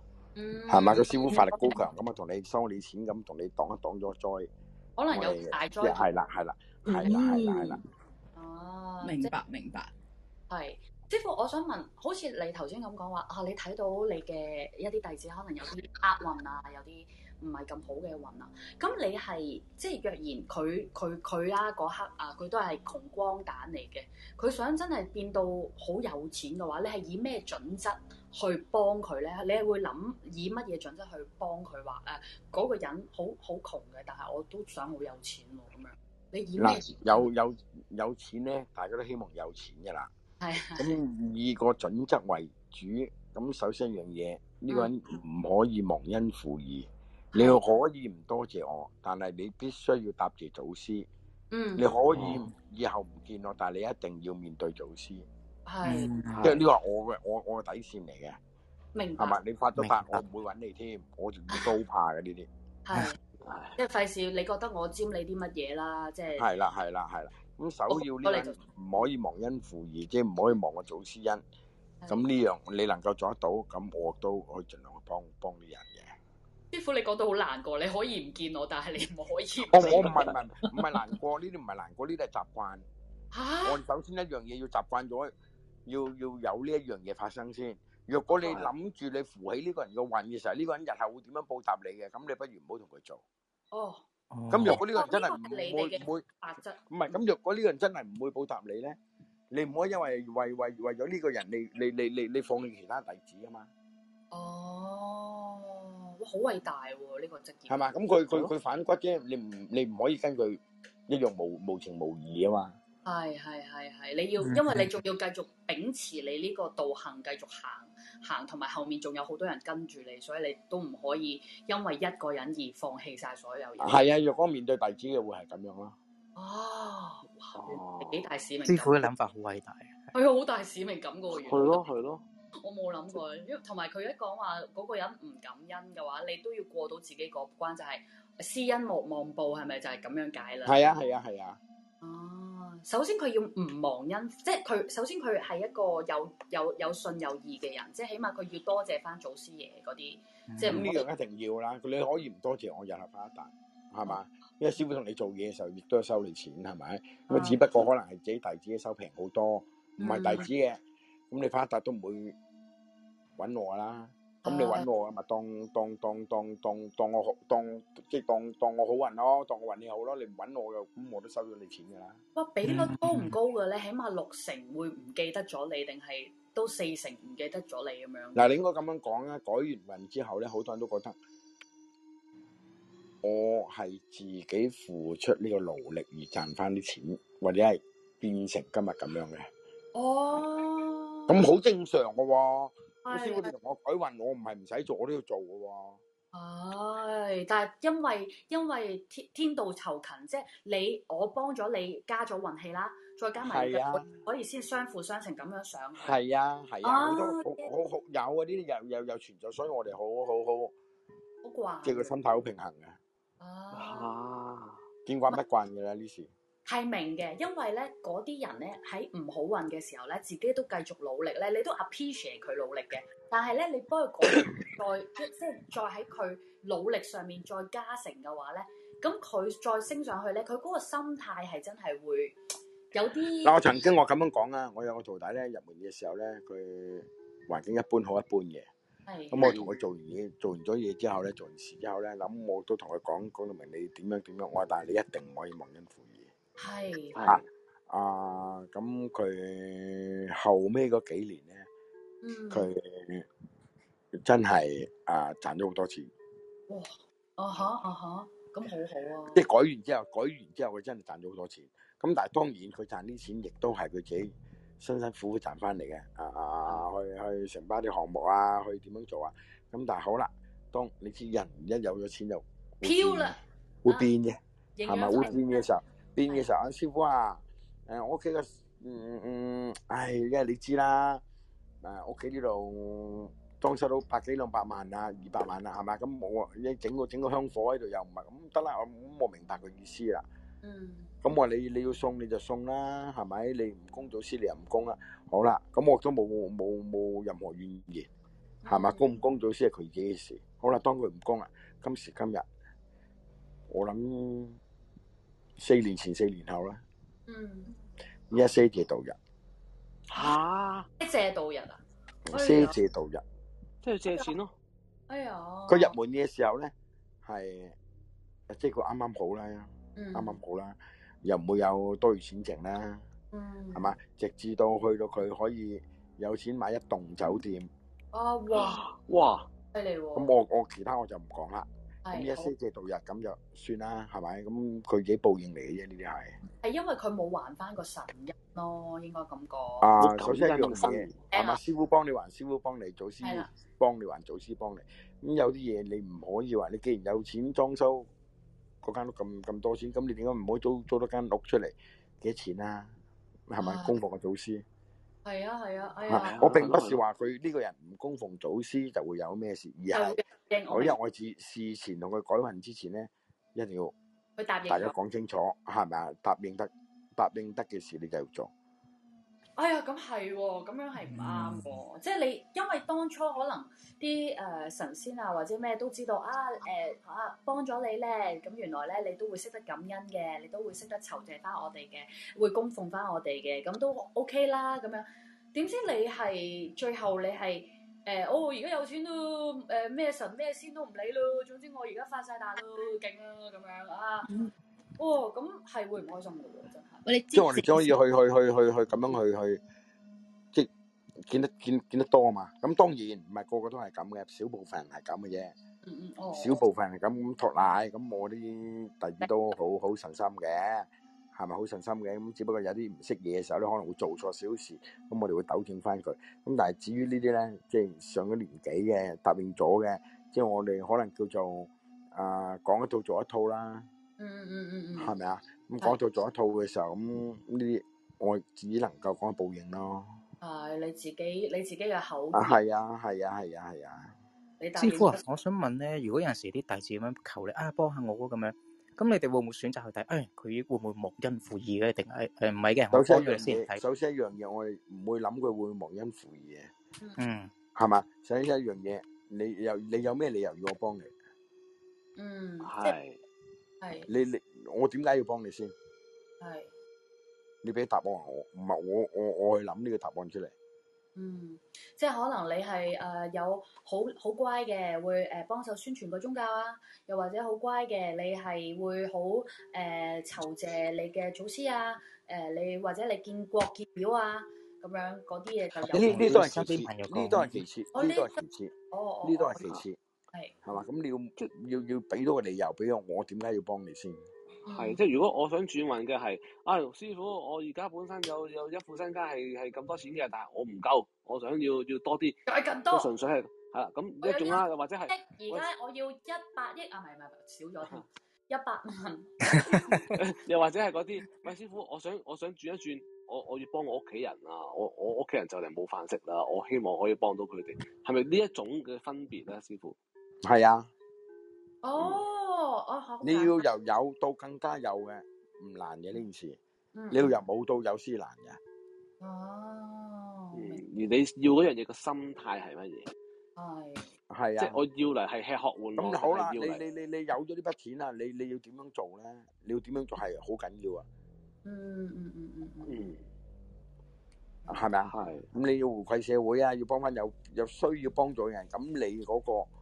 係咪？個師傅法力高強，咁啊同你收你錢，咁同你擋一擋咗災，可能有大災，係啦係啦，係啦係啦，哦、 啊 明白明白，係。即傅，乎我想問，好似你頭先咁講話，啊，你睇到你嘅一啲弟子可能有啲厄運啊，有啲唔係咁好嘅運啊。咁你係即係若然佢佢佢啦嗰刻啊，佢都係窮光蛋嚟嘅。佢想真係變到好有錢嘅話，你係以咩準則去幫佢咧？你係會諗以乜嘢準則去幫佢話誒？嗰、啊嗰個人好好窮嘅，但係我都想好有錢喎、啊。咁樣你以咩？有有有錢咧，大家都希望有錢噶啦。係咁以個準則為主，咁首先一樣嘢，呢個人唔可以忘恩負義。你可以唔多謝我，但係你必須要答謝祖師。嗯，你可以以後唔見我，但係你一定要面對祖師。係，即係呢個係我嘅，我我嘅底線嚟嘅。明白，係咪？你發咗法，我唔會搵你添，我仲要都怕嘅呢啲。係，即係費事你覺得我佔你啲乜嘢啦？即係。係啦，係啦，係啦。咁首要呢，唔可以忘恩負義，即係唔可以忘我祖師恩。咁呢 樣你能夠做得到，咁我都可以盡量去幫幫啲人嘅。師傅，你講到好難過，你可以唔見我，但係你唔可以我 我唔唔唔係難過，呢啲唔係難過，呢啲係習慣。嚇！ 我首先一樣嘢要習慣咗，要要有呢一樣嘢發生先。若果你諗住你扶起呢個人嘅運嘅時候，呢個人日後會點樣報答你嘅，咁你不如唔好同佢做。哦。 咁若果呢個人真係唔會，唔會唔係咁，若果呢個人真係唔會報答你咧，你唔可以因為為為為咗呢個人，你你你你你放棄其他弟子啊嘛？哦，哇，好偉大喎！呢個職業係咪？咁佢佢佢反骨啫，你唔你唔可以跟佢一樣無無情無義啊嘛？係係係係，你要因為你仲要繼續秉持你呢個道行，繼續行。行同埋後面仲有好多人跟住你，所以你都唔可以因為一個人而放棄晒所有嘢。係啊，若果面對弟子嘅會係咁樣咯。哦、啊，哇！幾大使命、啊。師傅嘅諗法好偉大啊！係好、哎、大使命感嗰個人。係咯，係咯。我冇諗過，因為同埋佢一講話嗰個人唔感恩嘅話，你都要過到自己嗰關，就係、是、施恩莫望報，係咪就係咁樣解啦？係啊，係啊，係啊。啊！首先佢要唔忘恩，即係佢首先佢係一個有有有信有義嘅人，即係起碼佢要多謝翻祖師爺嗰啲，即係呢樣一定要啦。你可以唔多謝我入下翻一啖，係嘛？嗯、因為師傅同你做嘢嘅時候，亦都係收你錢，係咪？咁啊、嗯，只不過可能係自己弟子收平好多，唔係弟子嘅，咁、嗯、你翻一啖都唔會揾我啦。咁、嗯、你揾我啊嘛，當當當當當我當,當,當我好，當即係當當我好運咯，當我運氣好咯、喔，你唔揾我又，咁、嗯、我都收咗你的錢噶啦。喂，比率高唔高嘅咧？起碼六成會唔記得咗你，定係都四成唔記得咗你咁樣？嗱，你應該咁樣講啦，改完運之後咧，好多人都覺得我係自己付出呢個努力而賺翻啲錢，或者係變成今日咁樣嘅。哦，咁好正常噶、哦。師傅、啊、我哋同我改運，我唔係唔使做，我都要做嘅喎、啊。係、啊，但係因為因為天天道酬勤，即係你我幫咗你加咗運氣啦，再加埋啊，可以先相輔相成咁樣上。係啊，係啊，啊都好好、啊、有呢啲又又又存在，所以我哋好好好，好即係乖個心態好平衡嘅。啊，見慣不慣嘅啦呢事。係明嘅，因為咧嗰啲人咧喺唔好運嘅時候咧，自己都繼續努力咧，你都 appreciate 佢努力嘅。但係咧，你幫佢再， 再即係再喺佢努力上面再加成嘅話咧，咁佢再升上去咧，佢嗰個心態係真係會有啲。嗱，我曾經我咁樣講啊，我有個徒弟咧入門嘅時候咧，佢環境一般好一般嘅。係咁的，我同佢做完嘢，的做完咗嘢之後咧，做完事之後咧，諗我都同佢講講到明你點樣點樣，我話但係你一定唔可以忘恩負義。係、啊，啊，咁佢後尾嗰幾年咧，佢、嗯、真係啊賺咗好多錢。哇，啊、哦、啊哈，咁、哦、好好啊！即係、啊、改完之後，改完之後佢真係賺咗好多錢。咁但係當然佢賺啲錢亦都係佢自己辛辛苦苦賺翻嚟嘅，啊啊去去承包啲項目啊，去點樣做啊。咁但係好啦，當你知人一有咗錢就飄啦，會變嘅，係咪？會變嘅時候。變嘅時候，師傅啊，誒，我屋企嘅，嗯嗯，唉，因為你知啦，誒，屋企呢度裝修到百幾兩百萬啦，二百萬啦，係嘛？咁我一整個整個香火喺度又唔係，咁得啦，咁我明白佢意思啦。嗯。咁我話你你要送你就送啦，係咪？你唔供祖師你又唔供啦，好啦，咁我都冇冇冇任何怨言，係嘛？供唔供祖師係佢自己嘅事，好啦，當佢唔供啦，今時今日我諗。四年前、四年後啦。嗯。依家賒借度日。吓蛤，賒借度日啊？賒借度日，即係借錢咯。哎呀呦！佢入門嘅時候咧，係即係佢啱啱好啦，啱啱、嗯、好啦，又唔會有多餘錢剩啦。嗯。係嘛？直至到去到佢可以有錢買一棟酒店。哦、啊，哇，哇！哇！犀利喎！咁我我其他我就唔講啦。咁一些期度日咁就算啦，係咪？咁佢幾報應嚟嘅啫，呢啲係。係因為佢冇還翻個神一咯，應該咁講。啊，首先係咁嘅，阿馬師傅幫你還，師傅幫你，祖師幫你還，祖師幫你。咁有啲嘢你唔可以話，你既然有錢裝修嗰間屋咁咁多錢，咁你點解唔可以租租多間屋出嚟？幾錢啊？係咪、啊？供房嘅祖師。係啊係啊，啊啊啊我並不是話佢呢個人唔供奉祖師就會有咩事，而係，我因我事事前同佢改運之前咧，一定要去答大家講清楚，係咪啊？答應得答應得嘅事你就做。哎呀，咁係喎，咁樣係唔啱喎。嗯、即係你，因為當初可能啲誒、呃、神仙啊或者咩都知道啊誒、呃、啊幫咗你咧，咁、嗯、原來咧你都會識得感恩嘅，你都會識得，得酬謝翻我哋嘅，會供奉翻我哋嘅，咁都 OK 啦。咁樣點知你係最後你係誒、呃，哦，而家有錢咯誒咩神咩仙都唔理咯。總之我而家發晒達咯，勁啦咁樣啊！嗯哦！咁係會唔開心嘅喎，真係。即我哋只可以去去去去去咁樣去去，即見得見見得多啊嘛。咁當然唔係個個都係咁嘅，少部分人係咁嘅啫。嗯嗯，哦。少部分人係咁託奶，咁我啲弟弟都好好信心嘅，係咪好信心嘅？咁只不過有啲唔識嘢嘅時候咧，可能會做錯小事，咁我哋會糾正翻佢。咁但係至於呢啲咧，即上咗年紀嘅、答應咗嘅，即我哋可能叫做啊講一套做一套啦。嗯嗯嗯嗯，係咪啊？咁講到做一套嘅時候，咁呢啲我只能夠講報應咯。係你自己你自己嘅口。啊係啊係啊係啊你啊。啊啊啊啊，師父啊，我想問咧，如果有陣時啲弟子咁樣求你啊，幫下我咁樣，咁你哋會唔會選擇去睇？誒、哎，佢會唔會忘恩負義嘅定係誒唔係嘅？首先一樣嘢、嗯，首先一樣嘢，我哋唔會諗佢會忘恩負義嘅。嗯，係嘛？首先一樣嘢，你有你有咩理由要我幫你？嗯，係、就是。你你我點解要幫你先？係的你俾答案，我唔係我我我去諗呢個答案出嚟。嗯，即係可能你係誒、呃、有好好乖嘅，會誒幫手宣傳個宗教啊，又或者好乖嘅，你係會好誒酬謝你嘅祖師啊，誒、呃、你或者你見國見表啊咁樣嗰啲嘢就有。呢呢都係請啲朋友，呢都係其次，呢都係其次，呢、哦、都係其次。係，係嘛？咁你要即係要要俾多個理由俾我，我點解要幫你先？係，即係如果我想轉運嘅係，啊，師傅，我而家本身有有一副身家係係咁多錢嘅，但係我唔夠，我想要要多啲，解更多，純粹係吓咁一種啦，又或者係，我而家我要一百億啊，唔係唔係，少咗添，一百萬，又或者係嗰啲，喂、啊、師傅，我想我想轉一轉，我我要幫我屋企人啊，我我屋企人就嚟冇飯食啦，我希望可以幫到佢哋，係咪呢一種嘅分別咧、啊，師傅？係啊，哦，哦，好，你要由有到更加有嘅，唔難嘅呢件事。你要由冇到有先難嘅。哦，嗯，而你要嗰樣嘢個心態係乜嘢？係係即係我要嚟係吃喝玩樂咁好啦。你你你你有咗呢筆錢啊，你你要點樣做咧？你要點樣做係好緊要啊。嗯嗯嗯嗯嗯。嗯，係咪啊？係咁你要回饋社會啊，要幫翻有有需要幫助嘅人。咁你嗰個。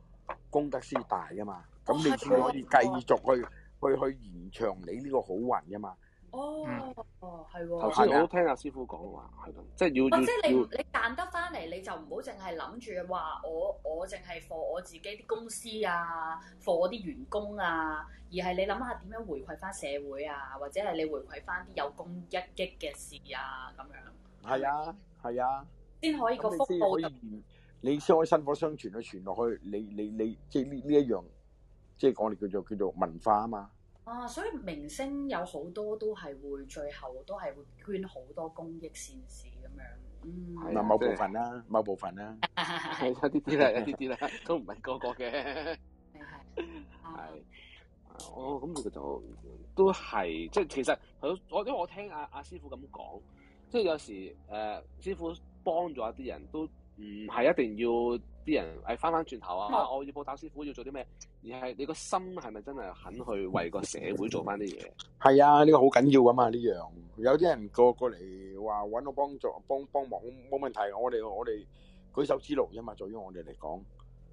功德師大噶嘛，咁你先可以繼續去、哦、去去，去延長你呢個好運噶嘛。哦，係喎、嗯。頭先、哦、我聽阿師傅講話，係即係要。哦要，即係要你你賺得翻嚟，你就唔好淨係諗住話我我淨係貨我自己啲公司啊，貨我啲員工啊，而係你諗下點樣回饋翻社會啊，或者係你回饋翻啲有功一益嘅事啊咁樣。係啊，係啊。先可以個福報。 你將佢薪火相傳，去傳落去，你你你，即係呢呢一樣，即係講我哋叫做叫做文化啊嘛。啊，所以明星有好多都係會最後都係會捐好多公益善事咁樣。嗯，嗱，某部分啦，某部分啦，有啲啲啦，有啲啲啦，都唔係個個嘅。係係，哦，咁佢就都係，即係其實我我我聽阿阿師傅咁講，即係有時誒師傅幫咗一啲人都。唔係、嗯、一定要啲人誒翻翻轉頭啊，、嗯、啊！我要報答師傅要做啲咩？而係你個心係咪真係肯去為個社會做翻啲嘢？係 啊，呢個好緊要啊嘛！呢樣有啲人過過嚟話揾我幫助幫幫忙冇問題。我哋我哋舉手之勞啫嘛。對於我哋嚟講，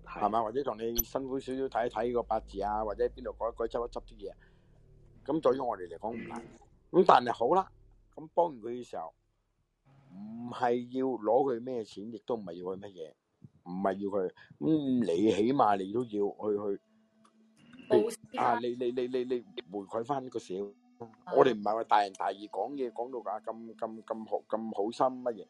係嘛是？或者同你辛苦少少睇一睇個八字啊，或者邊度改一改執一執啲嘢，咁對於我哋嚟講唔難。咁、嗯、但係好啦，咁幫完佢嘅時候。唔係要攞佢咩錢，亦都唔係要佢乜嘢，唔係要佢。嗯，你起碼你都要去去，啊，你你你你你回饋翻個少，我哋唔係話大仁大義講嘢講到㗎咁咁咁好咁好心乜嘢。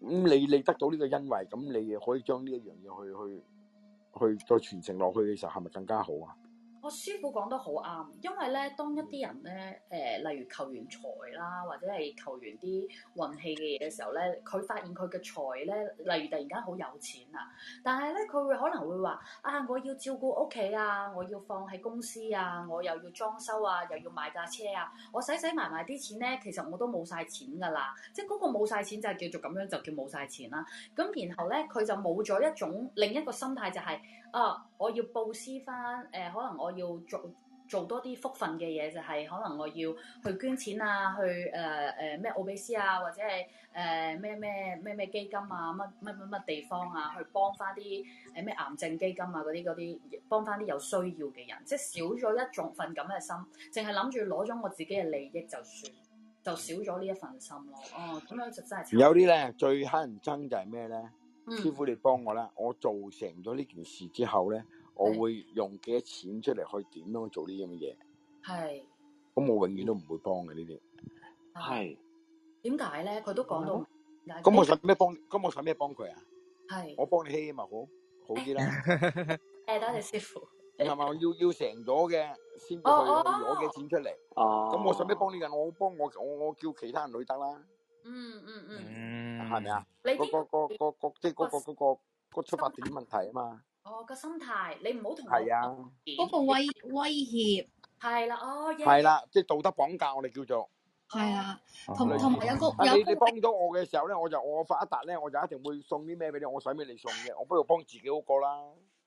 咁你你得到呢個恩惠，咁你可以將呢一樣嘢去去去再傳承落去嘅時候，係咪更加好啊？我師傅講得好啱，因為咧，當一啲人咧，誒、呃，例如求完財啦，或者係求完啲運氣嘅嘢嘅時候咧，佢發現佢嘅財咧，例如突然間好有錢啊，但係咧，佢會可能會話啊，我要照顧屋企啊，我要放喺公司啊，我又要裝修啊，又要買架車啊，我使使埋埋啲錢咧，其實我都冇晒錢㗎啦，即係嗰個冇晒錢就係叫做咁樣就叫冇晒錢啦。咁然後咧，佢就冇咗一種另一個心態就係、是。啊！我要布施翻誒，可能我要做做多啲福分嘅嘢，就係可能我要去捐錢啊，去誒誒咩奧比斯啊，或者係誒咩咩咩咩基金啊，乜乜乜乜地方啊，去幫翻啲誒咩癌症基金啊嗰啲嗰啲，幫翻啲有需要嘅人，即係少咗一種份噉嘅心，淨係諗住攞咗我自己嘅利益就算，就少咗呢一份心咯。哦，咁樣就真係有啲咧，最乞人憎就係咩咧？師傅你幫我啦，我做成咗呢件事之後咧，我會用幾多錢出嚟去點樣做呢啲咁嘅嘢。係是，咁我永遠都唔會幫嘅、啊、呢啲。係，點解咧？佢都講到。咁、嗯、我想咩幫？咁我想咩幫佢啊？係是，我幫你希嘛。好，好啲啦。誒，多謝師傅。係咪要要成咗嘅先佢攞幾錢出嚟？哦咁、哦哦哦、我想咩幫你啊？啊啊我幫我我我，我叫其他人女得啦。嗯嗯嗯，係咪啊？你個個個個即係嗰個嗰個個出發點問題啊嘛。哦，個心態你唔好同我。係啊。嗰個威威脅係啦，哦。係啦，即係道德綁架我哋叫做。係啊，同同埋有個有。你你幫到我嘅時候咧，我就我發一達咧，我就一定會送啲咩俾你，我使咩你送嘅。我不如幫自己嗰個啦。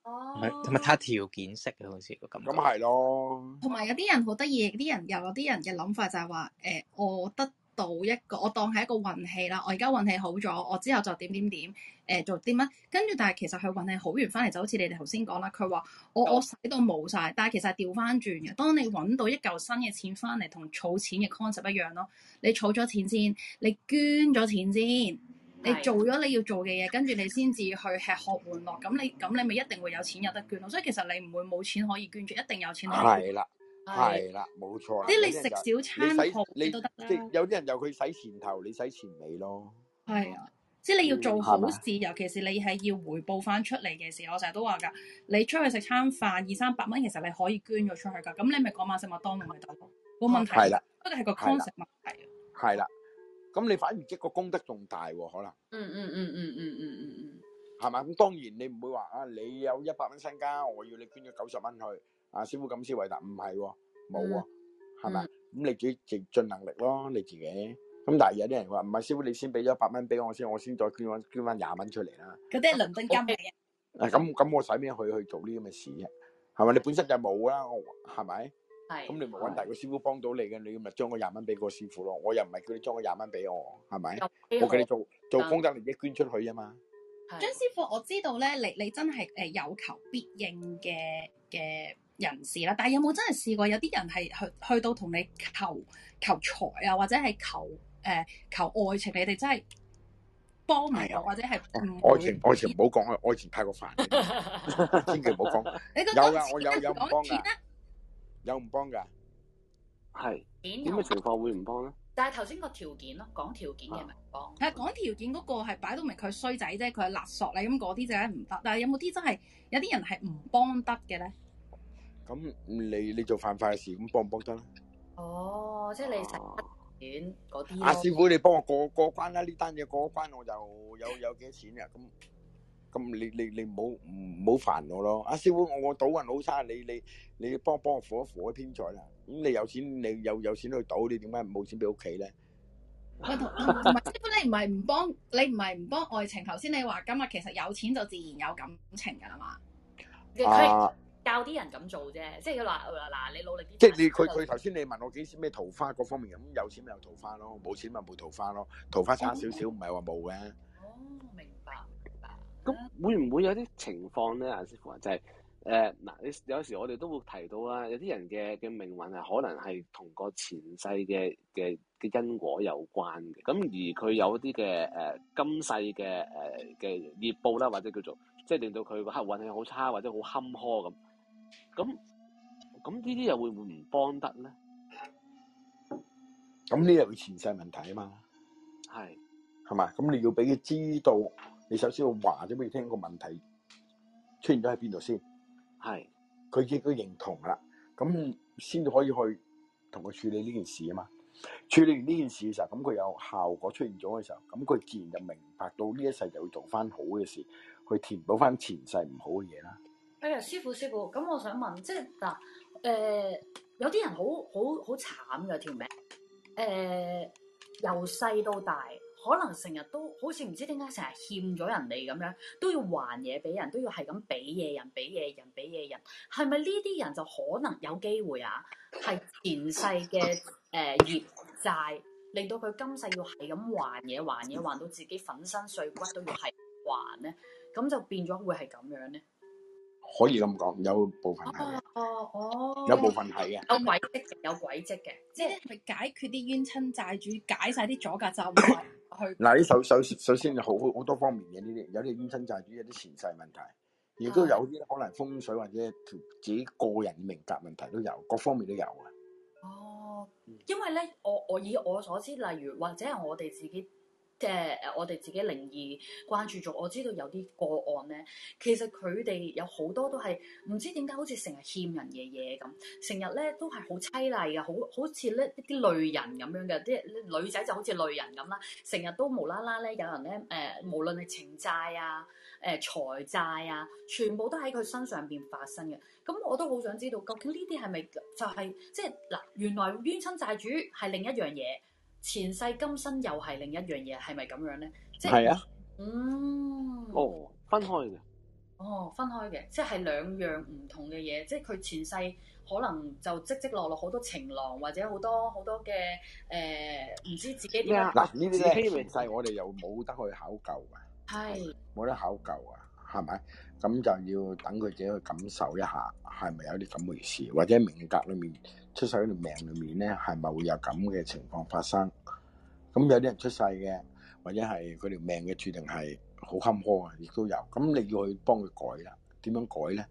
哦。同埋佢條件式嘅好似個咁。咁係咯。同埋有啲人好得意，啲人又有啲人嘅諗法就係話，誒，我得。到一個，我當係一個運氣啦。我而家運氣好咗，我之後就點點點誒、呃、做啲乜？跟住但係其實佢運氣好完翻嚟，就好似你哋頭先講啦。佢話我我使到冇晒，但係其實係掉翻轉嘅。當你揾到一嚿新嘅錢翻嚟，同儲錢嘅 concept 一樣咯。你儲咗錢先，你捐咗錢先，你做咗你要做嘅嘢，跟住你先至去吃喝玩樂。咁你咁你咪一定會有錢有得捐咯。所以其實你唔會冇錢可以捐住，一定有錢可以啦。係啦，冇錯啦。即你食小餐你，餐你，你都得啦。即係有啲人由佢使前頭，你使前尾咯。係啊，即係你要做好事，的尤其是你係要回報翻出嚟嘅時候。我成日都話噶，你出去食餐飯二三百蚊，其實你可以捐咗出去噶。咁你咪嗰晚食麥當勞咪得咯，冇問題。係啦的，嗰的個係個 concept 問題。係啦，咁你反而即個功德仲大喎，可能。嗯嗯嗯嗯嗯嗯嗯嗯，係、嗯、嘛？咁、嗯嗯嗯嗯、當然你唔會話啊，你有一百蚊身家，我要你捐咗九十蚊去。阿師傅咁思維，但唔係喎，冇喎，係咪咁你自己盡盡能力咯？你自己咁，但係有啲人話唔係師傅，你先俾咗一百蚊俾我先，我先再捐翻捐翻廿蚊出嚟啦。嗰啲係倫敦金嚟啊！啊，咁咁我使咩去去做呢啲咁嘅事啫？係咪你本身就冇啦，係咪？係咁，你冇揾大個師傅幫到你嘅，你咪將個廿蚊俾個師傅咯。我又唔係叫你將個廿蚊俾我，係咪？我叫你做做功德，你先捐出去啫嘛。張師傅，我知道咧，你你真係誒有求必應嘅嘅。人士啦，但係有冇真係試過有啲人係去去到同你求求財啊，或者係求誒、呃、求愛情？你哋真係幫埋到、啊，哎、呦或者係愛情愛情唔好講，愛情太過煩， 千祈唔好講。你啊、有噶、啊，我有、啊、有唔幫有唔幫噶，係點嘅情況會唔幫咧？但係頭先個條件咯、啊，講條件嘅咪幫係、啊、講條件嗰個係擺到明佢衰仔啫，佢垃圾啦咁嗰啲就梗係唔得。但係有冇啲真係有啲人係唔幫得嘅咧？咁你你做犯法嘅事，咁幫唔幫得咧？哦，即係你使錢嗰啲咯。阿師傅，你幫我過過關啦，呢單嘢過關我就有有幾多錢噶。咁咁你你你唔好唔好煩我咯。阿師傅，我我賭運好差，你你你幫幫我火一火天才啦。咁你有錢，你有有錢去賭，你點解冇錢俾屋企咧？我同唔係，根本你唔係唔幫你唔係唔幫愛情。頭先你話今日，其實有錢就自然有感情噶啦嘛。啊。教啲人咁做啫，即係嗱嗱，你努力啲。即係你佢佢頭先你問我幾錢咩桃花各方面咁，有錢咪有桃花咯，冇錢咪冇桃花咯，桃花差少少唔係話冇嘅。哦，明白明白。咁會唔會有啲情況咧？阿師傅就係誒嗱，你、呃、有時我哋都會提到啦，有啲人嘅嘅命運係可能係同個前世嘅嘅嘅因果有關嘅。咁而佢有一啲嘅誒今世嘅誒嘅業報啦，或者叫做即係、就是、令到佢個黑運氣好差，或者好坎坷咁。咁咁呢啲又會唔會唔幫得咧？咁呢又前世問題啊嘛，係係嘛？咁你要俾佢知道，你首先要話咗俾佢聽個問題出現咗喺邊度先，係佢亦都認同啦，咁先至可以去同佢處理呢件事啊嘛。處理完呢件事嘅時候，咁佢有效果出現咗嘅時候，咁佢自然就明白到呢一世就會做翻好嘅事，去填補翻前世唔好嘅嘢啦。哎呀，師傅師傅，咁、嗯、我想問，即係嗱，誒、呃、有啲人好好好慘嘅條命，誒、呃、由細到大，可能成日都好似唔知點解成日欠咗人哋咁樣，都要還嘢俾人，都要係咁俾嘢人，俾嘢人，俾嘢人，係咪呢啲人就可能有機會啊？係前世嘅誒業債，令到佢今世要係咁還嘢還嘢，還到自己粉身碎骨都要係還咧，咁就變咗會係咁樣咧？可以咁講，有部分係，哦，有部分係嘅，有軌跡，有軌跡嘅，即係佢解決啲冤親債主，解晒啲阻隔，就去。嗱，呢首首首先就好好多方面嘅呢啲，有啲冤親債主，有啲前世問題，亦都有啲的可能風水或者自己個人命格問題都有，各方面都有嘅。哦，因為咧，我我以我所知，例如或者係我哋自己。即係誒、 呃，我哋自己靈異關注咗，我知道有啲個案咧，其實佢哋有好多都係唔知點解，好似成日欠人嘅嘢咁，成日咧都係好淒厲嘅，好好似咧一啲累人咁樣嘅，啲女仔就好似累人咁啦，成日都無啦啦咧，有人咧誒，無論係情債啊、誒財債啊，全部都喺佢身上邊發生嘅，咁、嗯、我都好想知道，究竟呢啲係咪就係即係嗱，原來冤親債主係另一樣嘢。前世今生又係另一樣嘢，係咪咁樣咧？即係啊，嗯，哦，分開嘅，哦，分開嘅，即係兩樣唔同嘅嘢，即係佢前世可能就積積落落好多情郎，或者好多好多嘅誒，唔、呃、知自己點啊？Yeah, 呢啲咧，自己命世我哋又冇得去考究嘅，係冇唉得考究啊，係咪？咁就要等佢自己去感受一下，係咪有啲咁回事，或者命格裏面。出世喺條命裏面咧，係咪會有咁嘅情況發生？咁有啲人出世嘅，或者係佢條命嘅注定係好坎坷啊，亦都有。咁你要去幫佢改啦，點樣改咧？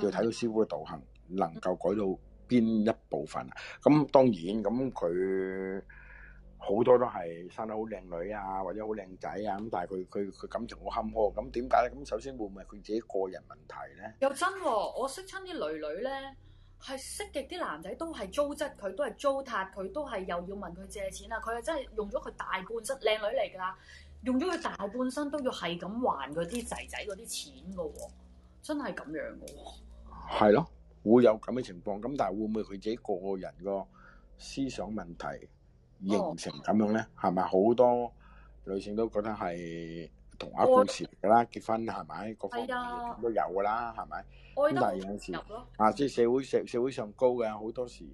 要睇到師傅嘅道行，能夠改到邊一部分啊？咁當然，咁佢好多都係生得好靚女啊，或者好靚仔啊。咁但係佢佢佢感情好坎坷，咁點解咧？咁首先會唔會佢自己個人問題咧？又真喎，我識親啲女女咧。係識極啲男仔都係糟質佢，都係糟蹋佢，都係又要問佢借錢啊！佢係真係用咗佢大半身，靚女嚟㗎啦，用咗佢大半身都要係咁還嗰啲仔仔嗰啲錢㗎、啊、喎，真係咁樣㗎喎、啊。係咯，會有咁嘅情況。咁但係會唔會佢自己個人個思想問題形成咁樣咧？係咪好多女性都覺得係？同阿故事噶啦，結婚係咪？各、那個、方面、啊、都有噶啦，係咪？咁也但係有陣時，了啊，即、就、係、是、社會社社會上高嘅，好多時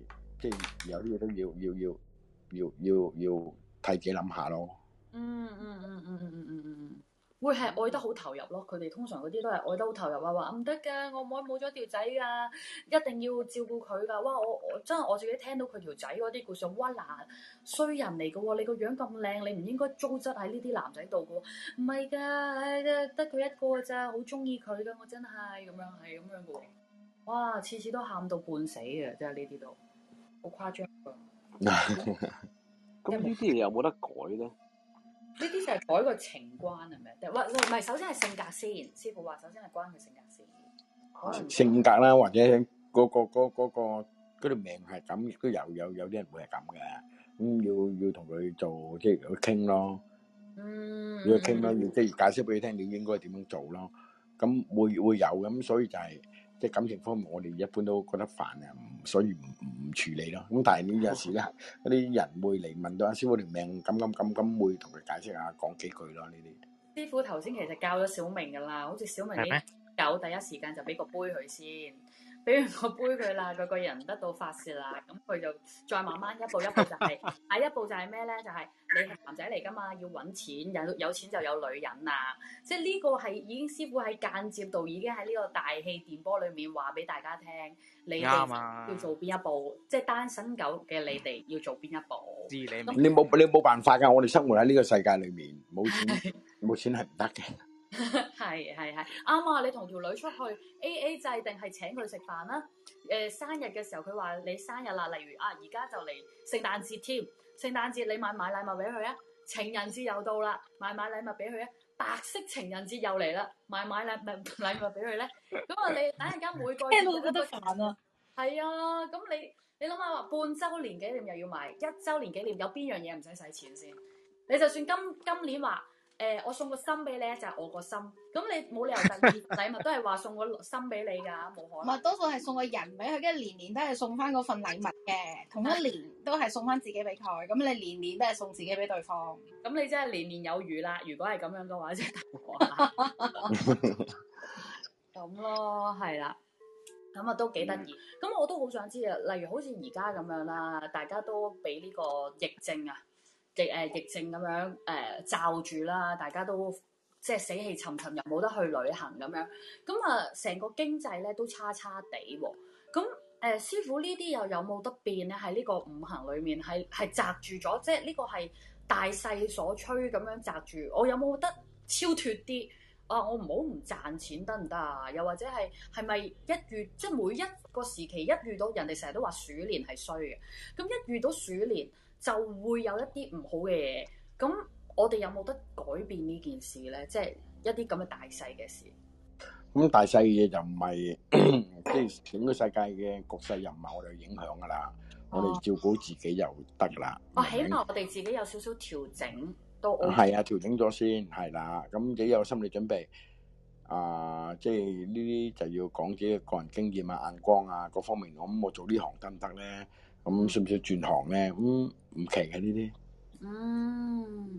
即係、就是、有啲嘢都要要要要要要替自己諗下咯。嗯嗯嗯嗯嗯嗯嗯嗯。嗯嗯嗯嗯嗯嗯會係愛得好投入咯，佢哋通常嗰啲都係愛得好投入啊！話唔得嘅，我妹冇咗條仔噶，一定要照顧佢噶。哇！我我真係我自己聽到佢條仔嗰啲故事，哇！嗱、呃、衰人嚟噶喎，你個樣咁靚，你唔應該糟質喺呢啲男仔度噶。唔係噶，得佢一個咋，好中意佢噶，我真係咁樣，係咁樣噶喎。哇！次次都喊到半死啊。真係呢啲都好誇張㗎。咁呢啲嘢有冇得改咧？呢啲就係改個情關係咪？喂喂，唔係，首先係性格先。師傅話，首先係關佢性格先。性格，性格啦，或者嗰、嗰個嗰嗰、嗰個嗰個、命係咁，都有有有啲人會係咁嘅。咁要要同佢做即係傾咯。嗯。要傾咯，要即係解釋俾佢聽，你應該點樣做咯。咁會會有咁，所以就係、係。即感情方面，我哋一般都覺得煩啊，所以唔唔處理咯。咁但係呢、啊、有時咧，嗰啲人會嚟問到阿師傅條命咁咁咁咁，甘甘甘甘甘會同佢解釋下，講幾句咯。呢啲師傅頭先其實教咗小明噶啦，好似小明啲狗第一時間就俾個杯佢先。俾我背佢啦，佢個人得到發洩啦，咁佢就再慢慢一步一步就係、是， 下一步就係咩咧？就係、是、你係男仔嚟噶嘛，要揾錢，有有錢就有女人啊！即係呢個係已經師傅喺間接度已經喺呢個大氣電波裡面話俾大家聽，你哋要做邊一步？吧即係單身狗嘅你哋要做邊一步？你冇你冇辦法㗎，我哋生活喺呢個世界裏面，冇錢冇 錢係唔得嘅。係係係啱啊！你同條女出去 A A 制定係請佢食飯啦。誒、呃，生日嘅時候佢話你生日啦，例如啊，而家就嚟聖誕節添，聖誕節你買買禮物俾佢啊。情人節又到啦，買買禮物俾佢啊。白色情人節又嚟啦，買買禮物禮物俾佢咧。咁 啊，你等陣間每個都覺得煩啊。係啊，咁你你諗下話半周年紀念又要買，一周年紀念有邊樣嘢唔使使錢先？你就算今今年話。誒、欸，我送個心俾你就係、是、我個心，咁你冇理由特別禮物都係話送個心俾你噶，冇可能。唔係，多數係送個人俾佢，跟住年年都係送翻嗰份禮物嘅，同一年都係送翻自己俾佢。咁你年年都係送自己俾對方，咁 你真係年年有餘啦。如果係咁樣嘅話，即係大鑊啦。咁咯，係啦、嗯，咁啊都幾得意。咁我都好想知啊，例如好似而家咁樣啦，大家都俾呢個疫症啊。疫誒疫症咁樣誒罩住啦，大家都即係死氣沉沉，又冇得去旅行咁樣，咁啊成個經濟咧都差差地喎。咁、嗯、誒師傅呢啲又有冇得變咧？喺呢個五行裏面係係閘住咗，即係呢個係大勢所趨咁樣閘住。我有冇得超脫啲？啊，我唔好唔賺錢得唔得啊？又或者係係咪一月即係、就是、每一個時期一遇到人哋成日都話鼠年係衰嘅，咁一遇到鼠年。就會有一啲唔好嘅嘢，咁我哋有冇得改變呢件事咧？即係一啲咁嘅大細嘅事。咁大細嘅嘢就唔係即係整個世界嘅局勢又唔係我哋影響噶啦，我哋照顧好自己又得啦。我，起碼我哋自己有少少調整都。係啊，調整咗先係啦，咁自己有心理準備。啊，即係呢啲就要講自己個人經驗啊、眼光啊各方面。咁我做呢行得唔得咧？咁需唔需要轉行咧？咁唔奇嘅呢啲。嗯，嗯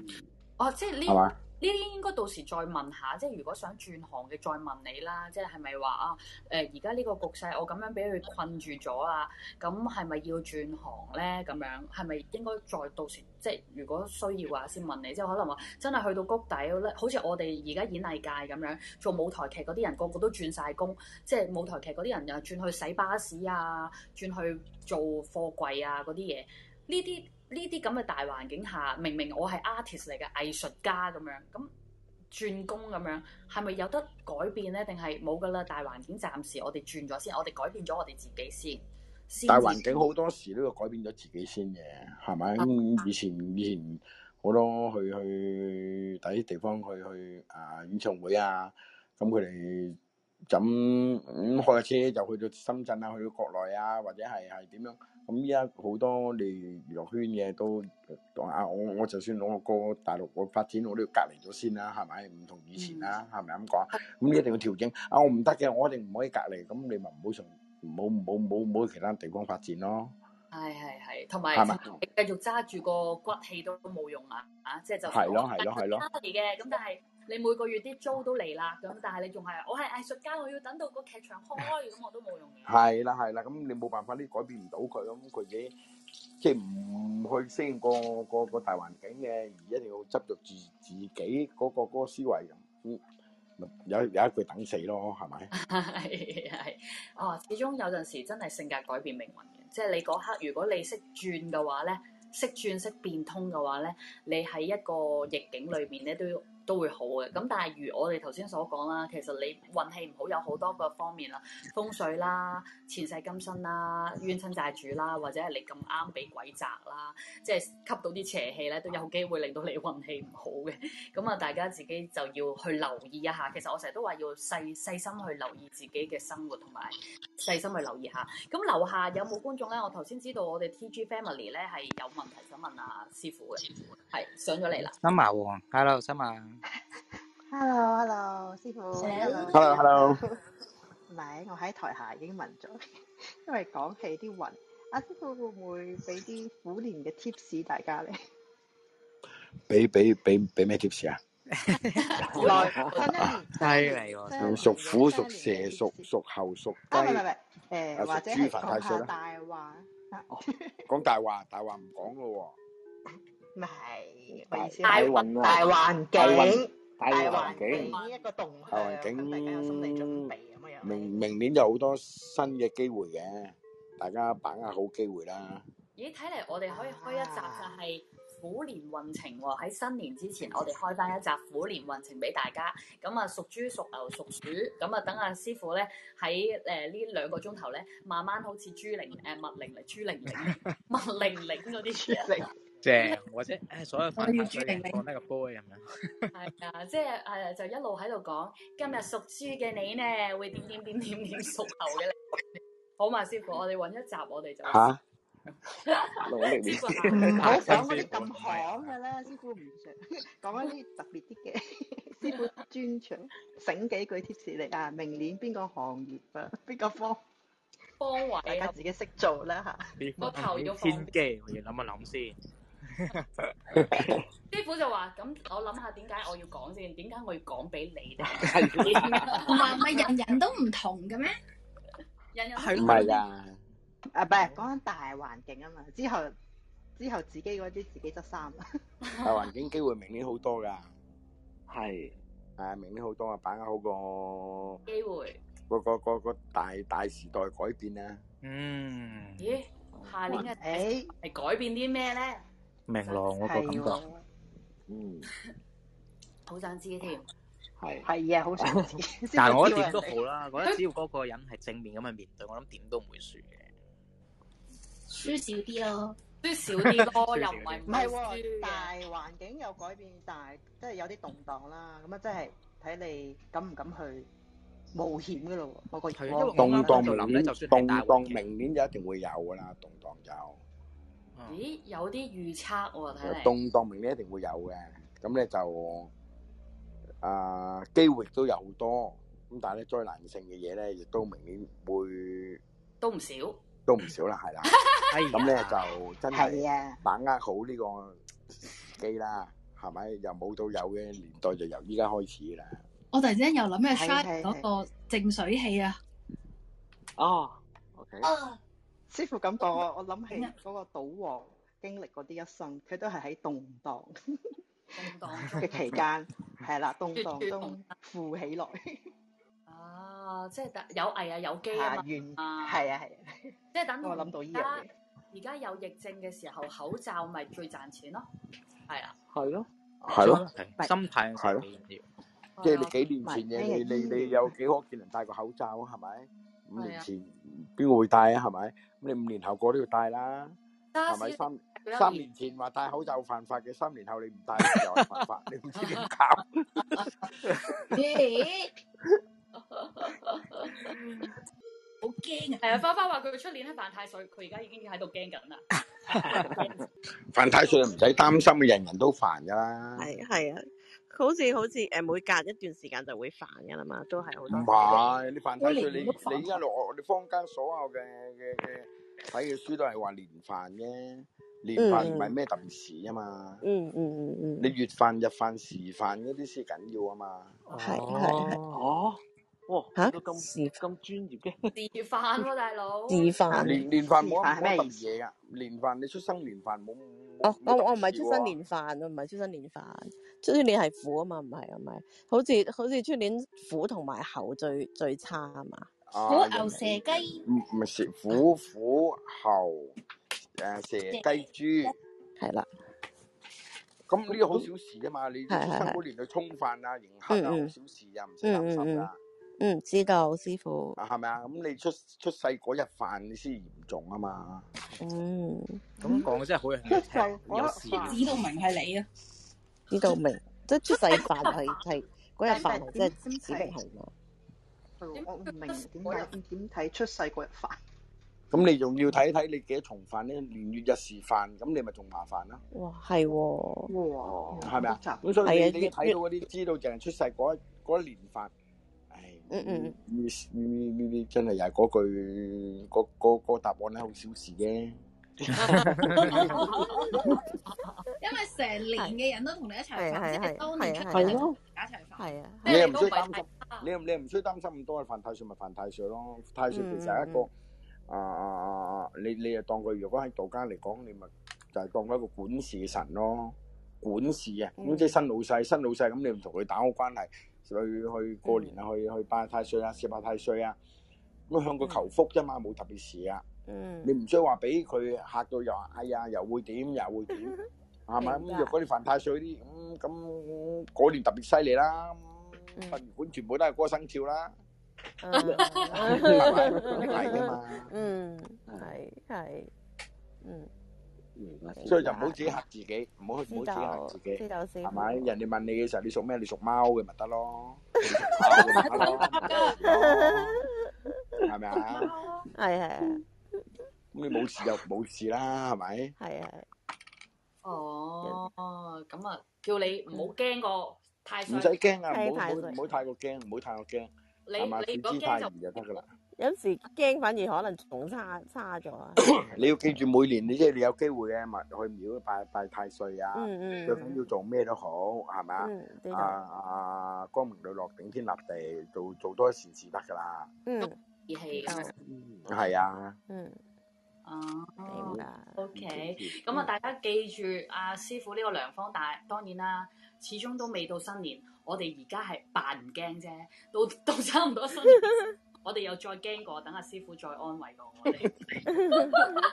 哦，即係呢。係嘛？呢啲應該到時再問下，即係如果想轉行嘅再問你啦，即係係咪話啊？誒、呃，而家呢個局勢我咁樣俾佢困住咗啊，咁係咪要轉行咧？咁樣係咪應該再到時即係如果需要啊先問你，即係可能話真係去到谷底咧，好似我哋而家演藝界咁樣做舞台劇嗰啲人個個都轉晒工，即係舞台劇嗰啲人又轉去洗巴士啊，轉去做貨櫃啊嗰啲嘢，呢啲。呢啲咁嘅大環境下，明明我係 artist 嚟嘅藝術家咁樣，咁轉工咁樣，係咪有得改變咧？定係冇噶啦？大環境暫時，我哋轉咗先，我哋改變咗我哋自己先。大環境好多時都要改變咗自己先嘅，係咪、啊？以前以前好多去去第啲地方去去啊演唱會啊，咁佢哋咁開架車就去到深圳啊，去到國內啊，或者係係點樣？咁依家好多你娛樂圈嘢都講啊，我我就算我過大陸我發展，我都要隔離咗先啦、啊，係咪？唔同以前啦、啊，係咪咁講？咁、嗯嗯、一定要調整啊！我唔得嘅，我一定唔可以隔離，咁你咪唔好從冇冇冇冇其他地方發展咯。係係係，同埋係咪繼續揸住個骨氣都冇用啊！啊，即係就係係咯係咯係咯嘅咁，但係。你每個月啲租都嚟啦，咁但係你仲係我係藝術家，我要等到個劇場開咁，我都冇用嘅。係啦，係啦，咁你冇辦法啲改變唔到佢咁，佢哋即係唔去適應個個個大環境嘅，而一定要執著自自己嗰個嗰個思維咁。嗯，有有一句等死咯，係咪？係係哦，始終有陣時真係性格改變命運嘅，即係你嗰刻如果你識轉嘅話咧，識轉識變通嘅話咧，你喺一個逆境裏面咧都要。都會好嘅，咁但係如我哋頭先所講啦，其實你運氣唔好有好多個方面啦，風水啦、前世今生啦、冤親債主啦，或者係你咁啱俾鬼責啦，即係吸到啲邪氣咧，都有機會令到你運氣唔好嘅。咁啊，大家自己就要去留意一下。其實我成日都話要細細心去留意自己嘅生活，同埋細心去留意下。咁樓下有冇觀眾咧？我頭先知道我哋 TG Family 咧係有問題想問阿、啊、師傅嘅，係傅上咗嚟啦。三馬王，Hello，三馬。Hello，Hello，hello, 師傅，Hello，Hello，唔係我喺台下已經問咗，因為講起啲運，阿、啊、師傅會唔會俾啲虎年嘅 tips 大家咧？俾俾俾俾咩 tips 啊？犀利喎，屬虎屬蛇屬屬猴屬，啊唔係唔係，誒、呃、或者係講大話，講大話大話唔講咯喎。 咪係大運大環境，大環境一個動向，大家有心理準備咁啊！又明明年有好多新嘅機會嘅，大家把握好機會啦。咦？睇嚟我哋可以開一集就係虎年運程喎。喺新年之前，我哋開返一集虎年運程俾大家。咁啊，屬豬、屬牛、屬鼠，咁啊，等阿師傅咧喺誒呢兩個鐘頭咧，慢慢好似朱玲誒麥玲嚟，朱玲玲、麥玲玲嗰啲嘢。即係或者，誒，所有犯人放低個波，係咪？係啊，即係誒，就一路喺度講，今日屬豬嘅你咧，會點點點點點屬牛嘅你。好嘛，師傅，我哋搵一集，我哋就吓，六零年，唔好講嗰啲咁行嘅啦，師傅唔想講一啲特別啲嘅，師傅專長，整幾句貼士你啊，明年邊個行業啊，邊個方方位，大家自己識做啦吓，個頭要先機，我哋諗一諗先。師傅就話：咁我諗下點解我要講先？點解我要講俾你哋？唔係人人都唔同嘅咩？係唔係啦？啊，唔係講緊大環境啊嘛。之後之後自己嗰啲自己執衫。大環境機會明年好多噶，係係啊，明年好多啊，把握好個機會。個個個個大大時代改變啊！嗯，咦，下年嘅誒係改變啲咩咧？明朗，我個感覺，嗯，好想知添，係係啊，好想知。但係我覺得點都好啦，我覺得只要嗰個人係正面咁去面對，我諗點都唔會輸嘅，輸少啲咯，輸少啲咯，我又唔係唔係，大環境有改變，但係即係有啲動盪啦，咁啊，即係睇你敢唔敢去冒險噶咯，我個動盪明年動盪明年就一定會有噶啦，動盪就。咦，有啲預測喎，睇嚟動盪明年一定會有嘅，咁咧就啊機會亦都有好多，咁但係咧災難性嘅嘢咧亦都明年會都唔少，都唔少啦，係啦，咁咧就真係把握好呢個時機啦，係咪？由冇到有嘅年代就由依家開始啦。我突然之間又諗起嗰個淨水器啊。哦，OK。師傅咁講，我我諗起嗰個賭王經歷嗰啲一生，佢都係喺動盪動盪嘅期間，係啦，動盪都富起來。啊，即係有危啊，有機啊嘛，完係啊係。即係等我諗到依樣嘢。而家有疫症嘅時候，口罩咪最賺錢咯？係啊。係咯，係咯，心態係咯，即係幾年前嘢，你你你有幾可見人戴個口罩啊？係咪？五年前邊個會戴啊？係咪？你五年後過都要戴啦，係咪 Stars 三主持人三年前話戴口罩犯法嘅，三年後你唔戴口罩又係犯法， 你唔知點搞？ 好驚！係啊，花花話佢出年咧犯太歲，佢而家已經喺度驚緊啦。犯太歲唔使擔心，人人都犯噶啦。係係啊。 佢好似好似誒，每隔一段時間就會犯嘅啦嘛，都係好多。唔係你犯太歲你你依家落我哋坊間所有嘅嘅嘅睇嘅書都係話年犯啫。年犯唔係咩特別事啊嘛。嗯嗯嗯嗯。你月犯日犯時犯嗰啲先緊要啊嘛。係係係。嚇！哇嚇！咁時咁專業嘅年犯喎，大佬時犯年年犯冇乜嘢啊？年犯你出生年犯冇。哦，我我唔係出生年犯，唔係出生年犯。出年係虎啊嘛，唔係咪？好似好似出年虎同埋猴最最差啊嘛。啊虎牛蛇雞，唔唔係蛇虎虎猴誒蛇雞豬，係啦了。咁呢啲好小事啊嘛，你出生嗰年去沖犯啊，是是是迎客啊，好小事啊，唔使擔心噶。嗯，知道師傅。啊，係咪啊？咁你出出世嗰日犯，你先嚴重啊嘛。嗯，咁講真係好有事啊。都道明係你啊。呢度明，即出世飯係係嗰日飯，係係指明號。我唔明點解唔點睇出世嗰日飯。咁你仲要睇睇你幾多重飯咧？年月日時飯，咁你咪仲麻煩啦。哇，係喎！哇，係咪啊？咁所以你你睇到嗰啲知道就係出世嗰一年飯。唉，呢呢呢呢真係又係嗰句嗰嗰個答案咧，好小事嘅。因為成年嘅人都同你一齊發，即係當年出嚟，大家一齊發，你又唔需要擔心。你又你又唔需要擔心咁多嘅犯太歲，咪犯太歲咯。太歲其實係一個啊啊啊！你你又當佢，如果喺道家嚟講，你咪就係當佢一個管事神咯。管事啊，咁即係新老細，新老細，咁你唔同佢打好關係，去去過年啊，去去拜太歲啊，食下太歲啊，咁向佢求福啫嘛，冇特別事啊。嗯，你唔需要話俾佢嚇到又話，哎呀，又會點，又會點，係咪？咁若果你犯太歲啲，咁咁嗰年特別犀利啦，命盤全部都係歌星跳啦，係咪？係噶嘛，嗯，係係，嗯，所以就唔好自己嚇自己，唔好唔好自己嚇自己，係咪？人哋問你嘅時候，你屬咩？你屬貓嘅咪得咯，係咪啊？係係。咁你冇事就冇事啦，係咪？係啊。哦，咁啊，叫你唔好驚過太歲，唔使驚啊，唔好唔好太過驚，唔好太過驚，係嘛？少之太易就得噶啦。有時驚反而可能仲差差咗。你要記住每年你即係你有機會咧，咪去廟拜拜太歲啊，要做咩都好，係嘛？啊啊！光明磊落、頂天立地，做做多一善事得噶啦。嗯，而係，係啊。嗯。哦、oh，OK，咁啊、mm，hmm。大家記住阿、啊、師傅呢個良方，但係當然啦、啊，始終都未到新年，我哋而家係扮唔驚啫，到到差唔多新年。年。 我哋又再驚過，等阿師傅再安慰過我哋。。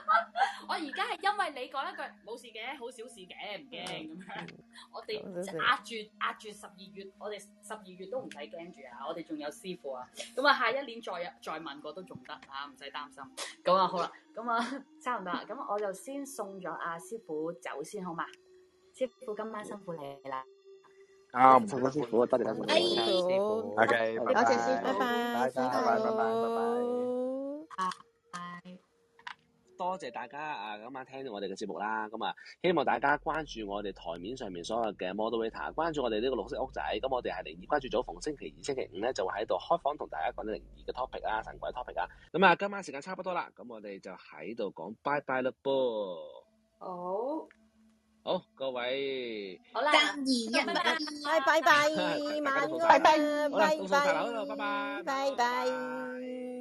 我而家係因為你講一句冇事嘅，好小事嘅，唔驚咁樣。我哋壓住壓住十二月，我哋十二月都唔使驚住啊！我哋仲有師傅啊，咁啊下一年再再問過都仲得啊，唔使擔心。咁啊好啦，咁啊差唔多啦，咁我就先送咗阿、啊、師傅走先，好嘛？師傅今晚辛苦你啦。啊！辛苦、oh，多謝大家，師傅，O K，拜拜，拜拜，拜拜，拜拜，拜拜，拜拜，多謝大家啊！今晚聽到我哋嘅節目啦，咁啊，希望大家關注我哋台面上面所有嘅 Model、er、關注我哋呢個綠色屋仔。咁我哋係靈異關注組逢星期二、星期五咧，就會喺度開房同大家講啲靈異嘅 topic 啊、神鬼 topic 啊。咁啊，今晚時間差不多啦，咁我哋就喺度講，拜拜啦噃。好。Oh. 好，各位，好啦，三二一，拜拜拜，晚安，拜拜，好啦，送上大樓咯，拜拜，拜拜。